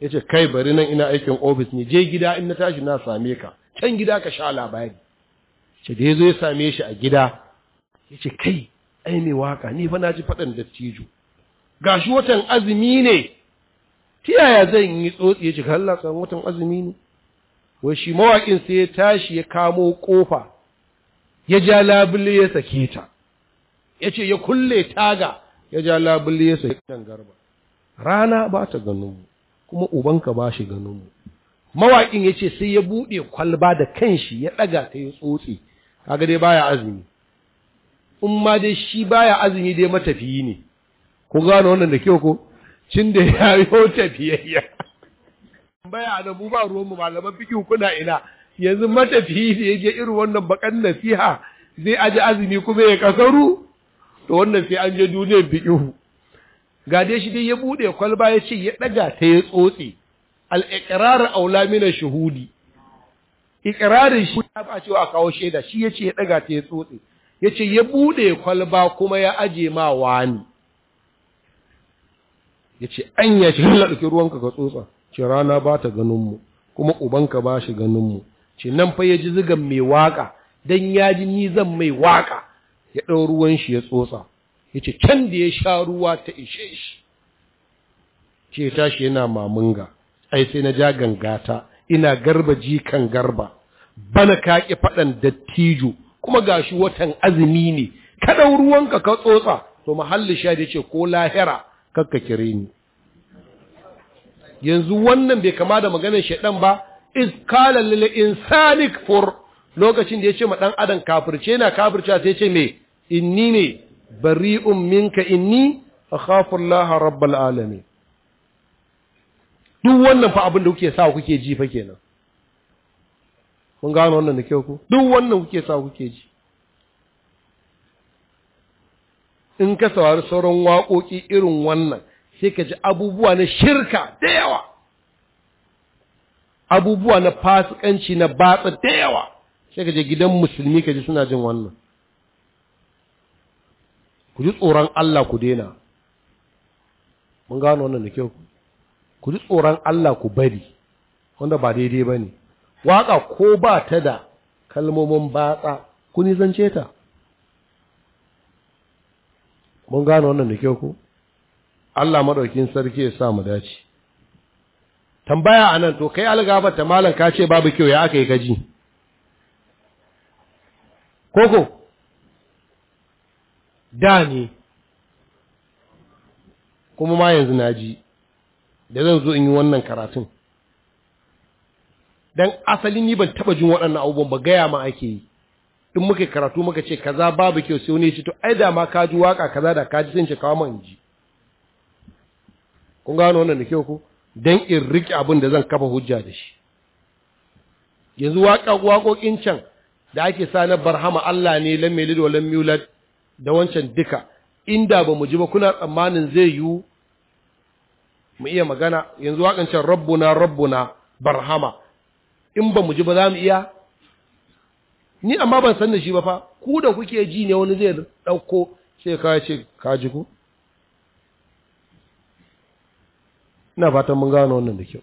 yace kai bari nan ina aikin ofis ne je gida in na tashi na same ka can gida ka sha labari ce da yazo ya same shi a gida yace kai ai me waka ni fa na ji faɗan dattijo Ga shi watan azumi ne ta yaya zan yi tsotsi ya ce Allah kan watan azumi ne wai shi mawaƙin sai ya tashi ya kamo ƙofa ya ja labule ya sake ta ya ce ya kulle taga ya ja labule ya sake ta garba rana ba ta ganin mu kuma ubanka ba shi ganin mu mawaƙin ya ce sai ya buɗe kwalba da kanshi ya ɗaga ta ya tsotsi. kaga dai baya azumi Umma dai shi baya azumi dai matafiyi ne ku gano wannan da kyau ko cin da ya <laughs> yi tafiyayya baya da mu ba ruwan mu malaman fiki kuna ina yanzu matafiyi da yake irin wannan bakan nasiha zai aji azumi kuma ya kasaru to wannan sai an je duniyar bikihu ga dai shi dai ya bude kwalba ya ce ya daga ta ya tsotse al-iqrar aula min shuhudi iqrarin shi ya ba cewa a kawo shaida shi yace ya daga ta ya tsotse yace ya bude kwalba kuma ya aje ma wani ya ce an ya shi Allah <laughs> ruwanka ka tsotsa ce rana ba ta ganinmu kuma ubanka ba shi ganinmu ce nan fa ya ji zigan mai waƙa dan ya ji ni zan mai waƙa. ya ɗau ruwan shi ya tsotsa ya ce can da ya sha ruwa ta ishe shi ce tashi yana mamunga ai sai na ja gangata ina garba jikan garba bana ka ƙi faɗan dattijo kuma gashi watan azumi ne ka ɗau ruwanka ka tsotsa to mahalli sha ce ko lahira kakka kire ni yanzu wannan bai kama da maganar shaidan ba iz qala lil insani kfur lokacin da yace ma dan adam kafirce na kafirce sai yace me inni ne bari'un minka inni akhafu Allah rabbal alamin duk wannan fa abin da kuke sa kuke ji fa kenan mun gano wannan da kyau ku duk wannan kuke sa kuke ji in ka saurari sauran waƙoƙi irin wannan sai ka ji abubuwa na shirka da yawa abubuwa na fasikanci na batsa da yawa sai ka je gidan musulmi ka ji suna jin wannan ku ji tsoron Allah ku daina mun gano wannan da kyau ku ji tsoron Allah ku bari wanda ba daidai ba ne waƙa ko ba ta da kalmomin batsa ku nisance ta mun gane wannan da kyau ku. Allah madaukin sarki ya sa mu dace tambaya anan to kai algabar ta malam ka ce babu kyau ya aka yi kaji koko da ne kuma ma yanzu na ji da zan zo in yi wannan karatun Dan asali ni ban taɓa jin waɗannan abubuwan ba gaya ma ake yi in muka karatu muka ce kaza babu kyau sai wani ya ce to ai da ma ka ji waka kaza da ka ji sai ce kawo man ji kun gano wannan da kyau ko dan in rike abin da zan kafa hujja da shi yanzu waka can da ake sa na barhama Allah ne lam yalid wa lam da wancan duka inda ba mu ji ba kuna tsammanin zai yiwu mu iya magana yanzu wakan can rabbuna rabbuna barhama in ba mu ji ba za mu iya ni amma ban san da shi ba fa ku da kuke ji ne wani zai dauko? sai ka ce ka ji ku ina fatan mun gano wannan da kyau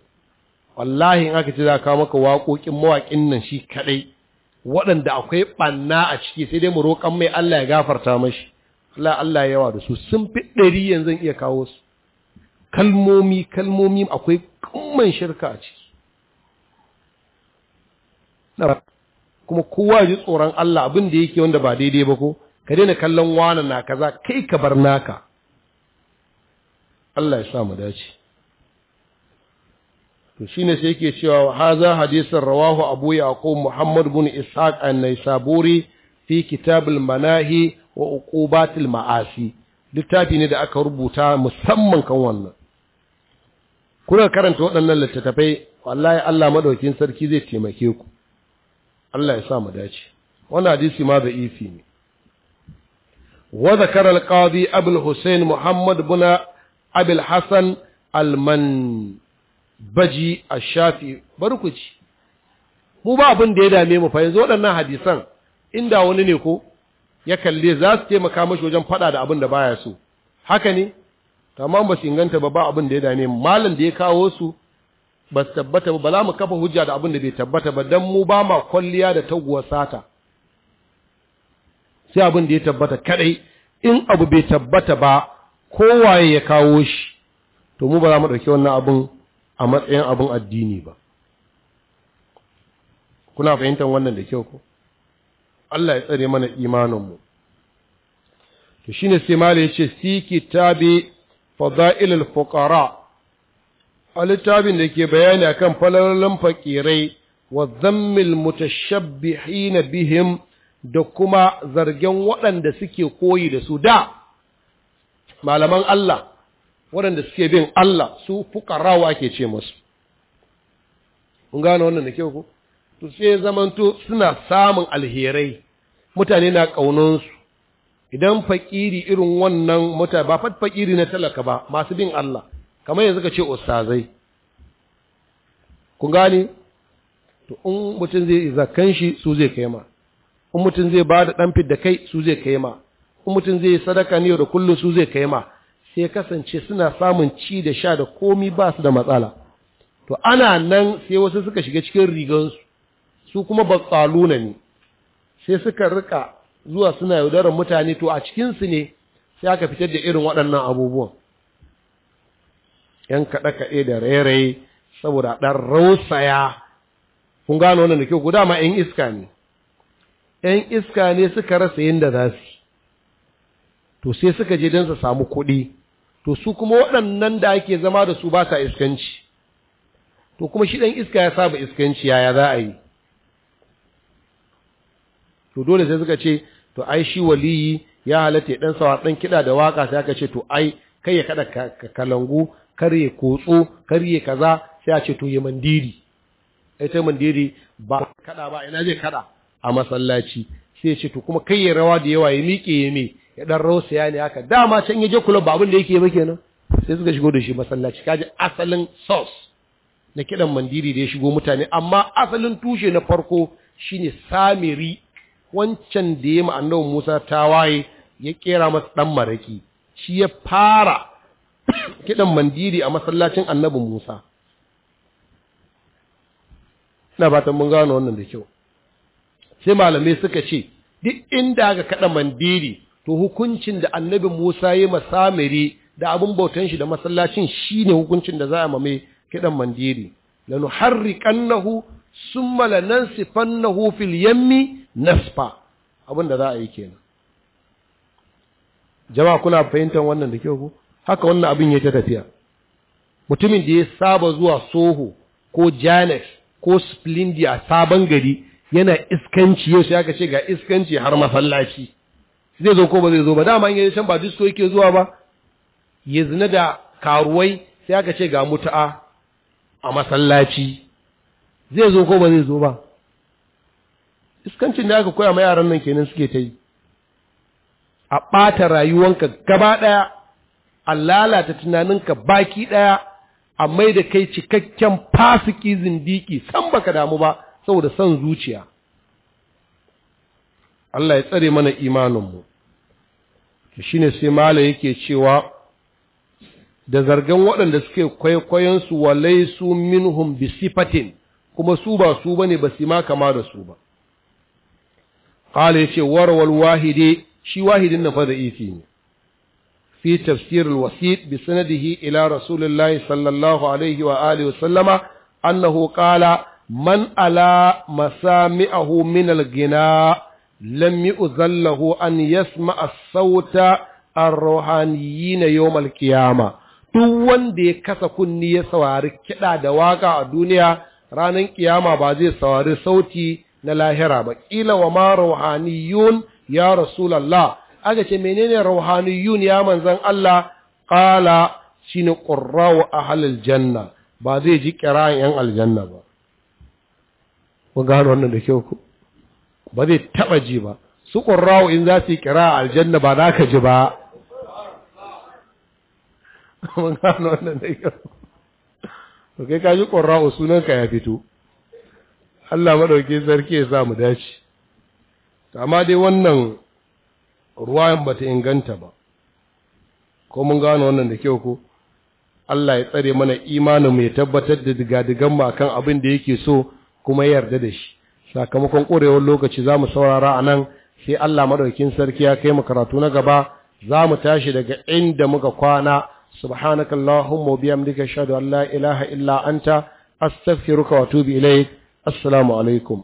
wallahi in aka ce za ka maka waƙoƙin mawaƙin nan shi kaɗai waɗanda akwai ɓanna a ciki sai dai mu roƙan mai Allah ya gafarta mashi Allah Allah yawa da su sun fi ɗari yanzu iya kawo su kalmomi kalmomi akwai kumman shirka a ciki kuma kowa ji tsoron Allah abin da yake wanda ba daidai ba ko ka daina kallon wani na kaza kai ka bar naka Allah ya sa mu dace to shine sai yake cewa haza hadisin rawahu abu yaqub muhammad bin ishaq an-naisaburi fi kitabul manahi wa uqubatil maasi littafi ne da aka rubuta musamman kan wannan kuna karanta waɗannan littattafai wallahi Allah madaukin sarki zai taimake ku Allah ya sa mu dace wannan hadisi ma da ifi ne wa zakara al-qadi abul husayn muhammad Buna abul hasan al-man baji ash-shafi barkuci mu ba abin da ya dame mu fa yanzu waɗannan hadisan inda wani ne ko ya kalle za su taimaka mashi wajen faɗa da abin da baya so haka ne amma ba su inganta ba ba abin da ya dame mu malam da ya kawo su ba su tabbata ba za mu kafa hujja da abin da bai tabbata ba don mu ba ma kwalliya da taguwar sata sai abin da ya tabbata kadai in abu bai tabbata ba kowaye ya kawo shi to mu ba za mu ɗauki wannan abin a matsayin abin addini ba kuna fahimtar wannan da kyau ko Allah ya tsare mana imaninmu to shine sai mala yace si kitabi fadailul fuqara a littafin da ke bayani a kan falalan faƙirai, wa zammil mutashabbihina bihim da kuma zargen waɗanda suke koyi da su da malaman Allah waɗanda suke bin Allah su fukarawa ke ce masu. kun gane wannan da kyau ku? to sai zamanto suna samun alherai mutane na ƙaunansu idan faƙiri irin wannan mutane ba fakiri na talaka ba masu bin Allah kamar yanzu ka ce ustazai ku gane to in mutum zai zakan shi su zai kai ma in mutum zai ba da ɗan da kai su zai kai ma in mutum zai sadaka ne da kullum su zai kai ma sai kasance suna samun ci da sha da komi ba su da matsala to ana nan sai wasu suka shiga cikin rigansu su kuma batsaluna ne sai suka rika zuwa suna yaudarar mutane to a cikinsu ne sai aka fitar da irin waɗannan abubuwan yan kaɗe-kaɗe da rairaye saboda ɗan rausaya kun gano wannan da kyau guda ma yan iska ne yan iska ne suka rasa yin da za su to sai suka je don su samu kuɗi to su kuma waɗannan da ake zama da su ba sa iskanci to kuma shi ɗan iska ya saba iskanci yaya za a yi to dole sai suka ce to ai shi waliyi ya halatta ɗan sawa ɗan kiɗa da waka sai aka ce to ai kai ya kaɗa kalangu kar ya kotso kar kaza sai a ce to ya mandiri ta mandiri ba kada ba ina zai kada a masallaci sai ya ce to kuma kai ya rawa da yawa ya miƙe ya me ya dan ya ne haka dama can ya je kula ba abin da yake ba kenan sai suka shigo da shi masallaci kaji asalin source na kidan mandiri da ya shigo mutane amma asalin tushe na farko shine samiri wancan da ya ma'annabin Musa ta waye ya kera masa dan maraki shi ya fara kiɗan mandiri a masallacin annabi Musa. Ina fatan mun gano wannan da kyau. Sai malamai suka ce, duk inda aka kaɗa mandiri, to hukuncin da annabi Musa ya masamiri da abin bautan shi da masallacin shine hukuncin da za a mame kiɗan mandiri. Lanu harriƙannahu sun malanan na fil yammi nasfa abin da za a yi kenan. Jama'a kuna fahimtar wannan da kyau ku? haka wannan abin ya ta tafiya mutumin da ya saba zuwa soho ko janet ko splindi a sabon gari yana iskanci yau sai aka ce ga iskanci har masallaci zai zo ko ba zai zo ba dama ya can ba disko yake zuwa ba ya zina da karuwai sai aka ce ga mutu'a a masallaci zai zo ko ba zai zo ba iskancin da aka koya ma yaran nan kenan suke ta yi a ɓata rayuwanka gaba ɗaya a lalata tunaninka baki ɗaya a mai da kai cikakken fasiki zindiki san baka damu ba saboda son zuciya Allah ya tsare mana imaninmu shine sai mala yake cewa da zargan waɗanda suke kwaikwayon su walai su bi bisifatin kuma su ba su bane ba su ma kama da su ba qala yace warwal wahidi shi wahidin na fa da isi ne fi tafsir al-wasit bi ila rasulillahi sallallahu alaihi wa alihi sallama annahu qala man ala masami'ahu min al-ghina lam yu'zallahu an yasma'a as-sauta ar-ruhaniyyin yawm al-qiyamah duk wanda ya kasa kunni ya saurari kiɗa da waƙa a duniya ranar ƙiyama ba zai saurari sauti na lahira ba ƙila wa ma ruhaniyun ya rasulallah aka ce menene rauhaniyun ya manzan Allah qala shine qurra'u ahlil janna ba zai ji kira'an yan aljanna ba ku gano wannan da kyau ku ba zai taba ji ba su qurra'u in za su yi aljanna ba za ka ji ba <laughs> mun gano wannan da kyau to kai ka ji qurra'u sunanka ya fito Allah madauke sarki ya sa mu dace amma dai wannan ruwayan bata inganta ba ko mun gano wannan da kyau ko Allah ya tsare mana imanin mai tabbatar da digadigan mu akan abin da yake so kuma yarda da shi sakamakon ƙorewar lokaci za mu saurara a nan sai Allah maɗaukin sarki ya kai mu karatu na gaba za mu tashi daga inda muka kwana subhanaka allahumma bihamdika ashhadu an la ilaha illa anta astaghfiruka wa atubu ilaik assalamu alaikum